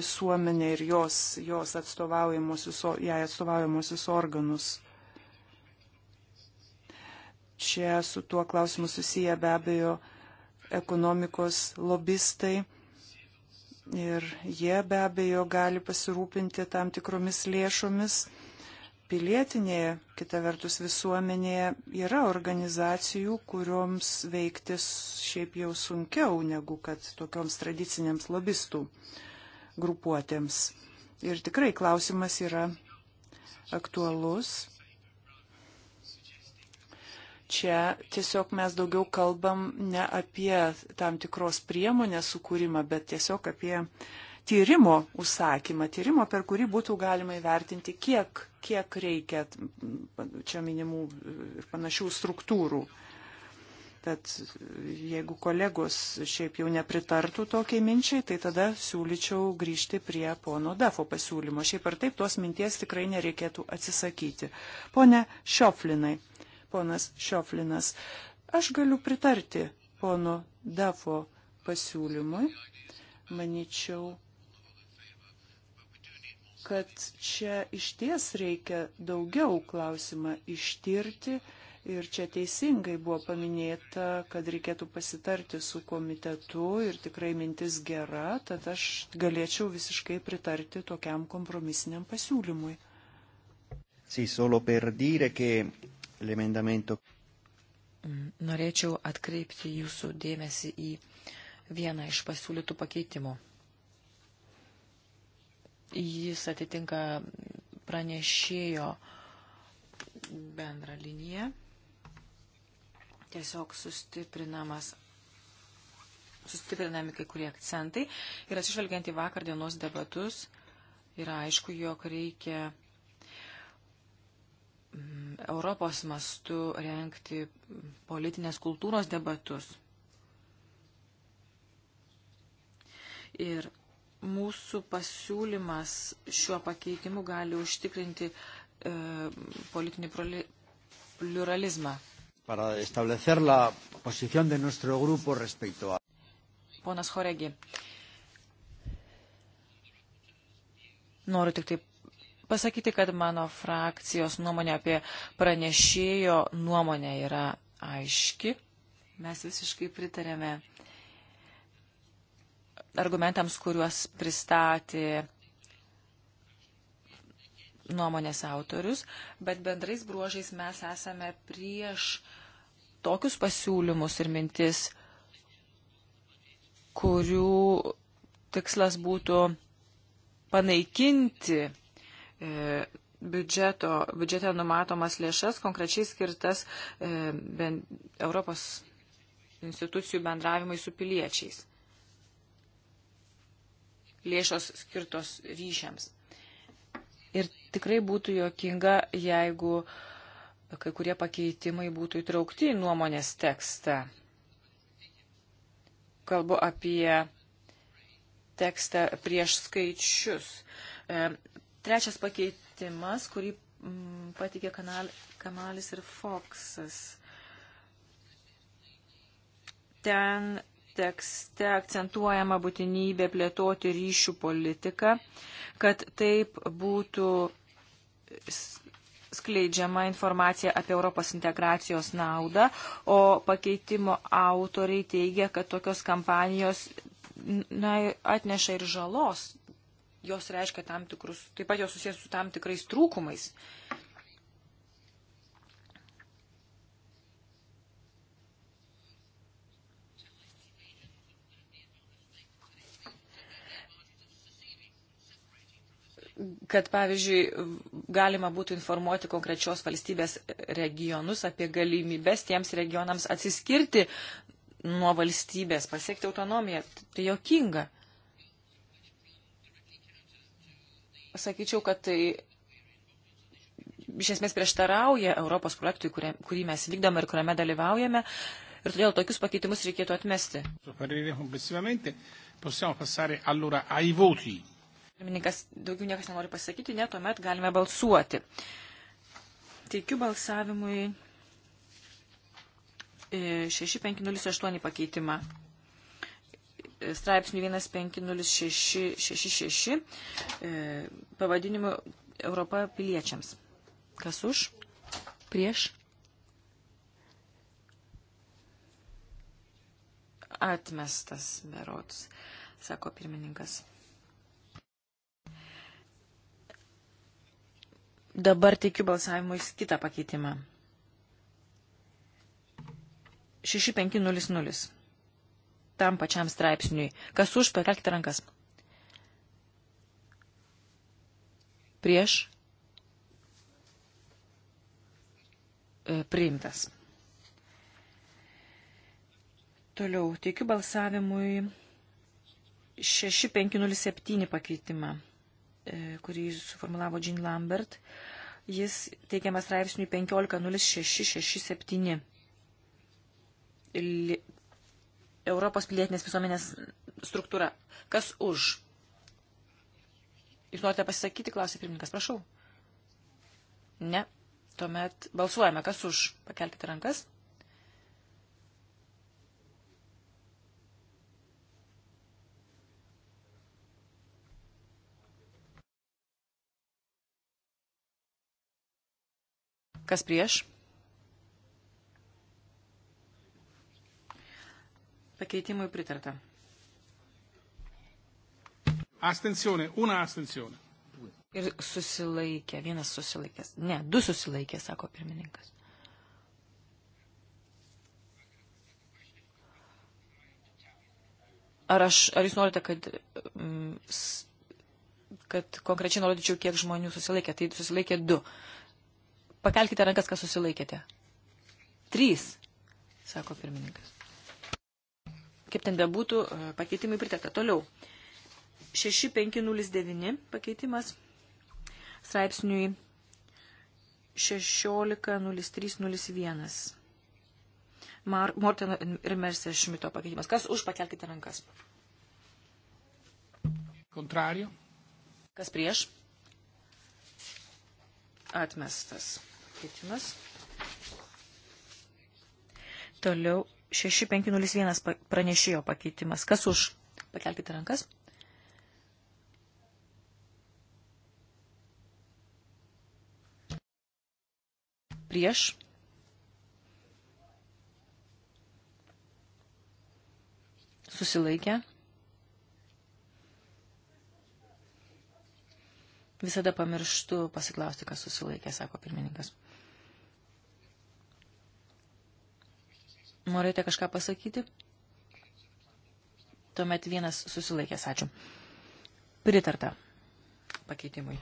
visuomenę ir jos, jos atstovaujamusius, jai atstovaujamusius organus čia su tuo klausimu susiję be abejo ekonomikos lobistai. Ir jie be abejo gali pasirūpinti tam tikromis lėšomis. Pilietinėje, kita vertus, visuomenėje yra organizacijų, kurioms veiktis šiaip jau sunkiau negu kad tokioms tradiciniams lobistų grupuotėms. Ir tikrai klausimas yra aktualus čia tiesiog mes daugiau kalbam ne apie tam tikros priemonės sukūrimą, bet tiesiog apie tyrimo užsakymą, tyrimo, per kurį būtų galima įvertinti, kiek, kiek reikia čia minimų ir panašių struktūrų. Tad jeigu kolegos šiaip jau nepritartų tokiai minčiai, tai tada siūlyčiau grįžti prie pono Dafo pasiūlymo. Šiaip ar taip tos minties tikrai nereikėtų atsisakyti. Pone Šioflinai, ponas Šioflinas. Aš galiu pritarti pono Dafo pasiūlymui. Maničiau, kad čia iš ties reikia daugiau klausimą ištirti. Ir čia teisingai buvo paminėta, kad reikėtų pasitarti su komitetu ir tikrai mintis gera, tad aš galėčiau visiškai pritarti tokiam kompromisiniam pasiūlymui. Sì, solo per dire che l'emendamento. Norėčiau atkreipti jūsų dėmesį į vieną iš pasiūlytų pakeitimų. Jis atitinka pranešėjo bendrą liniją. Tiesiog sustiprinamas sustiprinami kai kurie akcentai ir atsižvelgiant į vakar dienos debatus yra aišku, jog reikia Europos mastu renkti politinės kultūros debatus. Ir mūsų pasiūlymas šiuo pakeitimu gali užtikrinti e, politinį pluralizmą. Para establecer la posición de nuestro grupo respecto a. Ponas Horegi, noriu tik taip pasakyti, kad mano frakcijos nuomonė apie pranešėjo nuomonę yra aiški. Mes visiškai pritarėme argumentams, kuriuos pristatė nuomonės autorius, bet bendrais bruožais mes esame prieš tokius pasiūlymus ir mintis, kurių tikslas būtų panaikinti E, biudžeto, biudžete numatomas lėšas, konkrečiai skirtas e, ben, Europos institucijų bendravimai su piliečiais. Lėšos skirtos ryšiams. Ir tikrai būtų jokinga, jeigu kai kurie pakeitimai būtų įtraukti į nuomonės tekstą. Kalbu apie tekstą prieš skaičius. E, Trečias pakeitimas, kurį m, mm, patikė kanal, Kamalis ir Foksas. Ten tekste akcentuojama būtinybė plėtoti ryšių politiką, kad taip būtų skleidžiama informacija apie Europos integracijos naudą, o pakeitimo autoriai teigia, kad tokios kampanijos na, atneša ir žalos jos reiškia tam tikrus, taip pat jos susijęs su tam tikrais trūkumais. kad, pavyzdžiui, galima būtų informuoti konkrečios valstybės regionus apie galimybės tiems regionams atsiskirti nuo valstybės, pasiekti autonomiją. Tai jokinga. sakyčiau, kad tai iš esmės prieštarauja Europos projektui, kurį, kurį mes vykdome ir kuriame dalyvaujame. Ir todėl tokius pakeitimus reikėtų atmesti. Pirmininkas, daugiau niekas nenori pasakyti, ne, tuomet galime balsuoti. Teikiu balsavimui 6508 e, pakeitimą straipsnių 150666 e, pavadinimu Europa piliečiams. Kas už? Prieš? Atmestas berots, sako pirmininkas. Dabar teikiu balsavimui kitą pakeitimą. 6500 tam pačiam straipsniui. Kas už, pakelkite rankas. Prieš. E, priimtas. Toliau teikiu balsavimui 6507 pakeitimą, e, kurį suformulavo Jean Lambert. Jis teikiamas straipsniui 150667 Europos pilietinės visuomenės struktūra. Kas už? Jūs norite pasisakyti, klausė pirmininkas, prašau. Ne. Tuomet balsuojame, kas už. Pakelkite rankas. Kas prieš? Pakeitimui pritarta. Astensione, una astensione. Ir susilaikė, vienas susilaikęs. Ne, du susilaikė, sako pirmininkas. Ar, aš, ar jūs norite, kad, mm, kad konkrečiai nurodyčiau, kiek žmonių susilaikė? Tai susilaikė du. Pakelkite rankas, kas susilaikėte. Trys, sako pirmininkas. Kaip ten bebūtų, e, pakeitimai pritarta. Toliau. 6509 pakeitimas straipsniui 160301. Mar Morteno ir Mersė Šmito pakeitimas. Kas už, pakelkite rankas. Kontrario. Kas prieš? Atmestas pakeitimas. Toliau 6501 pranešėjo pakeitimas. Kas už? Pakelkite rankas. Prieš. Susilaikę. Visada pamirštu pasiklausti, kas susilaikė, sako pirmininkas. Norite kažką pasakyti? Tuomet vienas susilaikęs. Ačiū. Pritarta pakeitimui.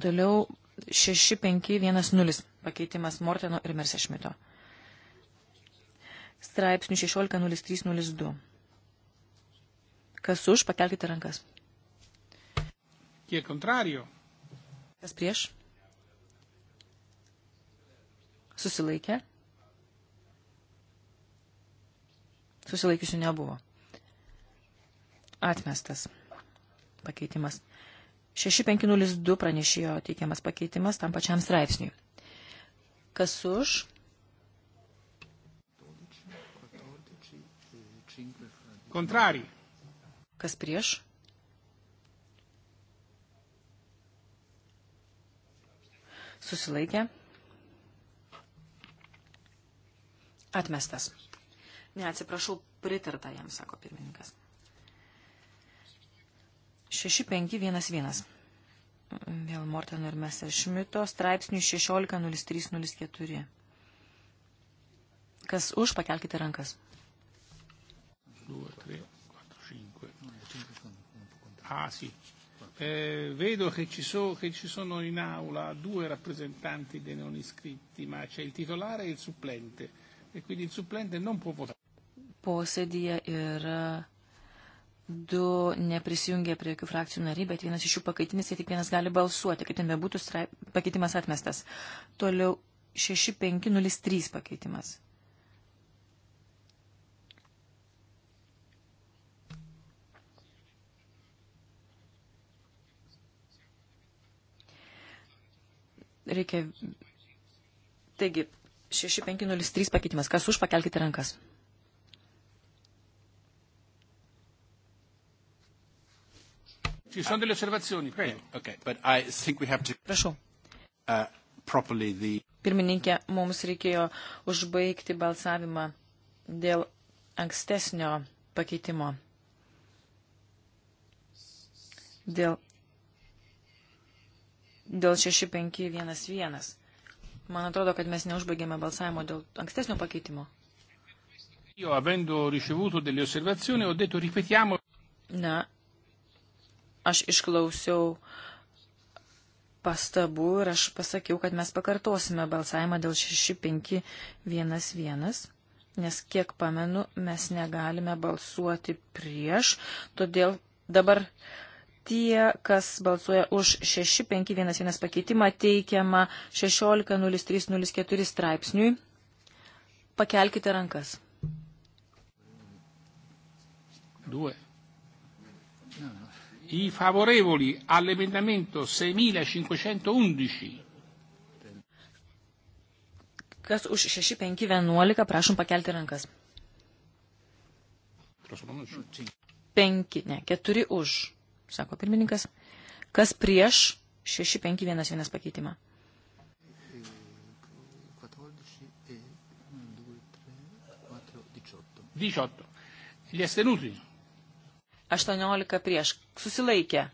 Toliau 6510 pakeitimas Morteno ir Mersešmito. Straipsnių 160302. Kas už, pakelkite rankas. Kiek kontrario? Kas prieš? Susilaikė? Susilaikysiu nebuvo. Atmestas pakeitimas. 6502 pranešėjo teikiamas pakeitimas tam pačiam straipsniui. Kas už? Kontrari. Kas prieš? Susilaikė. Atmestas. Ne, atsiprašau, pritarta jam, sako pirmininkas. 6511. Vėl Morteno ir Messerschmitto straipsnių 160304. Kas už, pakelkite rankas. 2, 3, 4, 5. Ah, sì. Eh, vedo che ci, so, che ci sono in aula due rappresentanti dei non iscritti, ma c'è il titolare e il supplente. E quindi il supplente non può votare posėdėje yra du neprisijungę prie jokių frakcijų nariai, bet vienas iš jų pakaitinis ir tai tik vienas gali balsuoti, kaip ten bebūtų, straip, pakeitimas atmestas. Toliau 6503 pakeitimas. Reikia. Taigi, 6503 pakeitimas. Kas už, pakelkite rankas. Ci sono delle osservazioni, prego. Okay, okay, but I think we have to... Prašau. Uh, properly the... Pirmininkė, mums reikėjo užbaigti balsavimą dėl ankstesnio pakeitimo. Dėl, dėl 6511. Man atrodo, kad mes neužbaigėme balsavimo dėl ankstesnio pakeitimo. Io, avendo ricevuto delle osservazioni, ho detto ripetiamo. Na, Aš išklausiau pastabų ir aš pasakiau, kad mes pakartosime balsavimą dėl 6511, nes kiek pamenu, mes negalime balsuoti prieš, todėl dabar tie, kas balsuoja už 6511 pakeitimą teikiamą 160304 straipsniui, pakelkite rankas. Duoja i favorevoli all'emendamento 6511. Kas už 6511, prašom pakelti rankas. 5, ne, 4 už, sako pirmininkas. Kas prieš 6511 pakeitimą? Diciotto. Gli astenuti? 18 prieš. Susilaikė.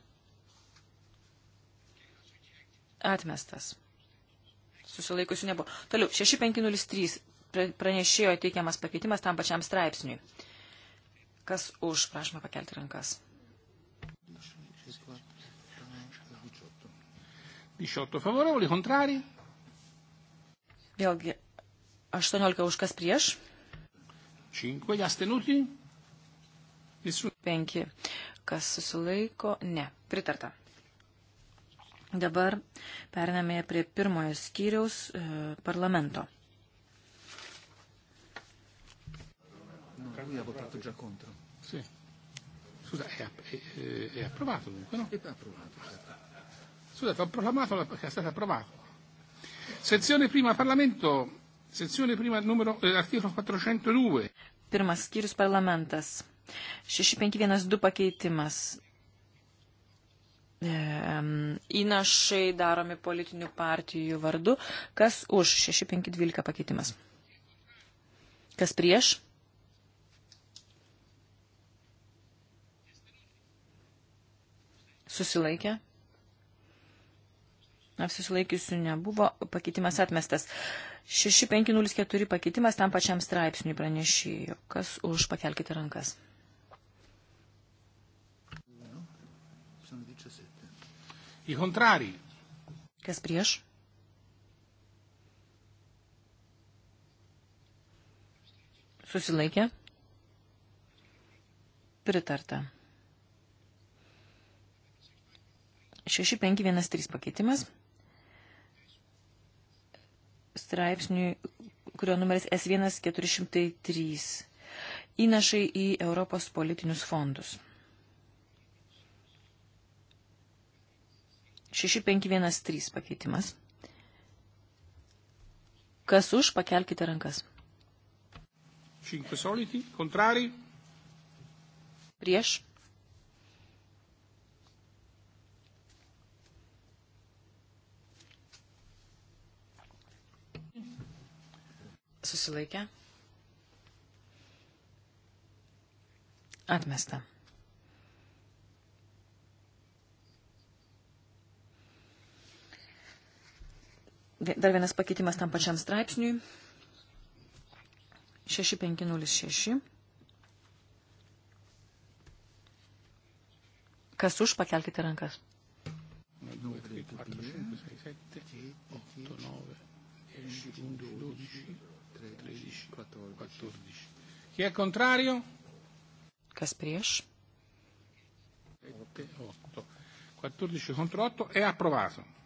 Atmestas. Susilaikusių nebuvo. Toliau, 6503 pranešėjo teikiamas pakeitimas tam pačiam straipsniui. Kas už, prašome pakelti rankas. 18 favorevoli, kontrari. Vėlgi, 18 už kas prieš. 5 astenuti. 5. Kas susilaiko? Ne. Pritarta. Dabar periname prie pirmojo skyriaus e, parlamento. Lui ha votato già contro. Sì. Scusa, è, è, è approvato dunque, no? È approvato. Scusate, ho proclamato che è stato approvato. Sezione prima Parlamento, sezione prima numero, eh, articolo 402. Pirmas skyrius parlamentas. 6512 pakeitimas. Įnašai daromi politinių partijų vardu. Kas už 6512 pakeitimas? Kas prieš? Susilaikė? Apsisilaikiusių nebuvo, pakeitimas atmestas. 6504 pakeitimas tam pačiam straipsniui pranešėjo. Kas už, pakelkite rankas. I contrari. Kas prieš? Susilaikė? Pritarta. 6513 pakeitimas. Straipsniui, kurio numeris S1403. Įnašai į Europos politinius fondus. 6513 pakeitimas. Kas už, pakelkite rankas. 5 soliti, kontrari. Prieš. Susilaikę. Atmesta. Dar vienas pakeitimas tam pačiam straipsniui. 6506. Kas už, pakelkite rankas. 2, 3, 4, 5, 6, 7, 8, 9, 10, 11, 12, 13, 14. Chi è contrario? Kas prieš? 7, 8. 14 contro 8 è approvato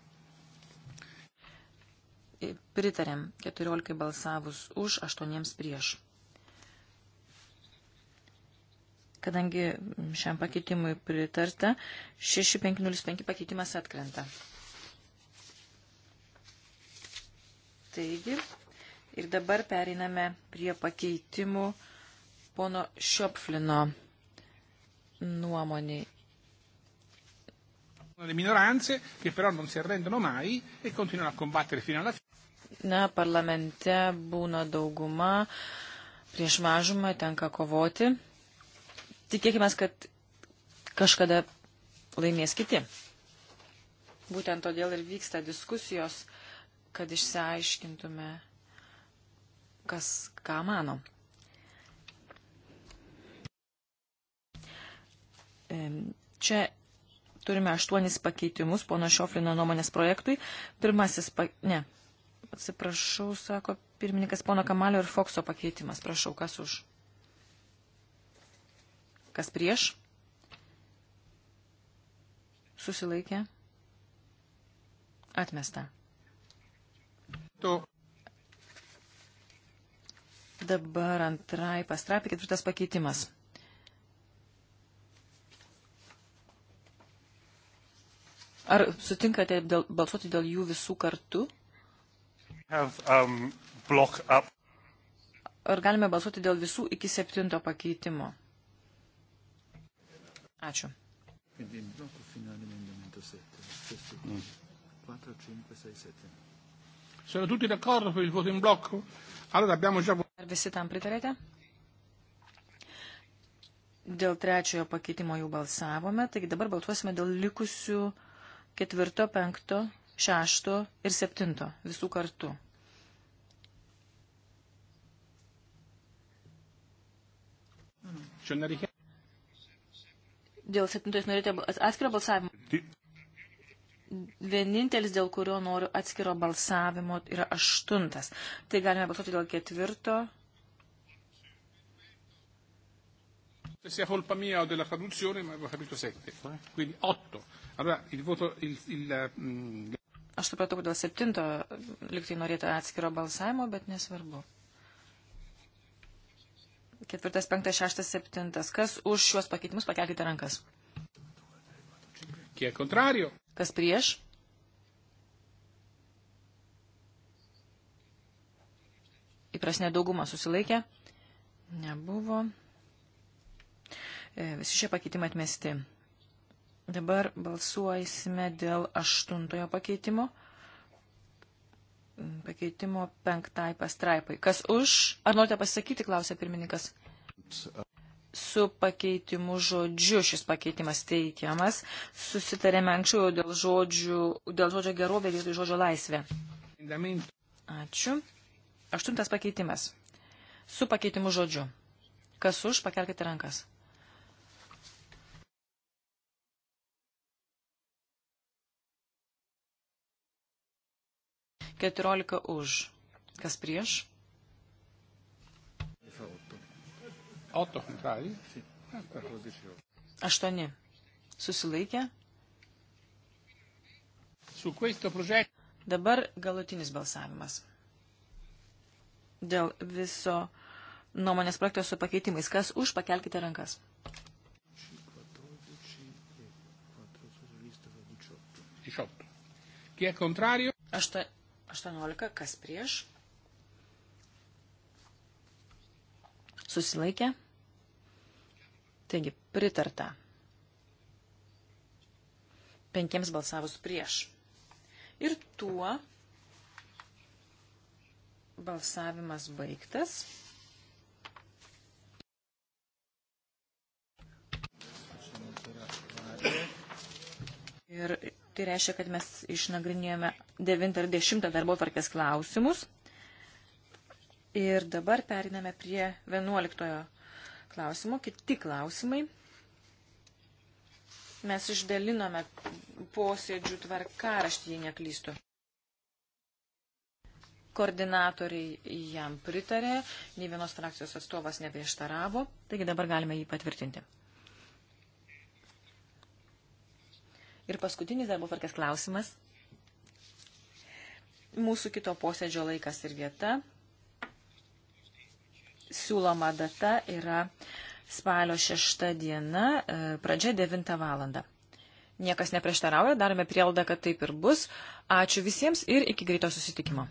pritarėm 14 balsavus už, 8 prieš. Kadangi šiam pakeitimui pritarta, 6505 pakeitimas atkrenta. Taigi, ir dabar pereiname prie pakeitimų pono Šiopflino nuomonį le minoranze che però non si arrendono mai e continuano a combattere fino alla fine na, parlamente būna dauguma, prieš mažumą tenka kovoti. Tikėkime, kad kažkada laimės kiti. Būtent todėl ir vyksta diskusijos, kad išsiaiškintume, kas ką mano. Čia turime aštuonis pakeitimus pono Šioflino nuomonės projektui. Pirmasis, pa... ne, Atsiprašau, sako pirmininkas pono Kamalio ir Fokso pakeitimas. Prašau, kas už? Kas prieš? Susilaikė? Atmesta. Tu. Dabar antrai pastrapė ketvirtas pakeitimas. Ar sutinkate dėl, balsuoti dėl jų visų kartu? have, um, Ar galime balsuoti dėl visų iki septinto pakeitimo? Ačiū. Quindi in blocco fino all'emendamento 7, stesso 4, 5, 6, 7. Sono tutti d'accordo per il voto in blocco? Allora abbiamo già votato. Ar visi tam pritarėte? Dėl trečiojo pakeitimo jau balsavome, taigi dabar balsuosime dėl likusių ketvirto, penkto, šešto ir septinto visų kartų. Dėl septintos norite atskiro balsavimo. Vienintelis, dėl kurio noriu atskiro balsavimo, yra aštuntas. Tai galime balsuoti dėl ketvirto. sia colpa mia o della traduzione, ma avevo capito 7. Quindi 8. Allora il voto... Il, il, mm... Aš supratau, kodėl septinto liktai norėtų atskiro balsavimo, bet nesvarbu. Ketvirtas, penktas, šeštas, septintas. Kas už šiuos pakeitimus pakelkite rankas? Kiek kontrario? Kas prieš? Įprasnė dauguma susilaikė. Nebuvo. E, visi šie pakeitimai atmesti. Dabar balsuosime dėl aštuntojo pakeitimo pakeitimo penktai pastraipai. Kas už? Ar norite pasakyti, klausė pirmininkas. Su pakeitimu žodžiu šis pakeitimas teikiamas. Susitarėme anksčiau dėl, žodžių, dėl žodžio gerovė vietoj žodžio laisvė. Ačiū. Aštuntas pakeitimas. Su pakeitimu žodžiu. Kas už? Pakelkite rankas. 14 už. Kas prieš? 8. Susilaikė. Dabar galutinis balsavimas. Dėl viso nuomonės projekto su pakeitimais. Kas už, pakelkite rankas. Chi è contrario? Aštuoni. 18. Kas prieš? Susilaikė. Taigi, pritarta. Penkiems balsavus prieš. Ir tuo balsavimas baigtas. Ir Tai reiškia, kad mes išnagrinėjome 9 ar 10 darbo tvarkės klausimus. Ir dabar periname prie 11 klausimo. Kiti klausimai. Mes išdalinome posėdžių tvarkaraštį, jei neklystu. Koordinatoriai jam pritarė, nei vienos frakcijos atstovas neprieštaravo, taigi dabar galime jį patvirtinti. Ir paskutinis darbo tvarkės klausimas. Mūsų kito posėdžio laikas ir vieta. Siūloma data yra spalio 6 diena, e, pradžia 9 valanda. Niekas neprieštarauja, darome prielaidą, kad taip ir bus. Ačiū visiems ir iki greito susitikimo.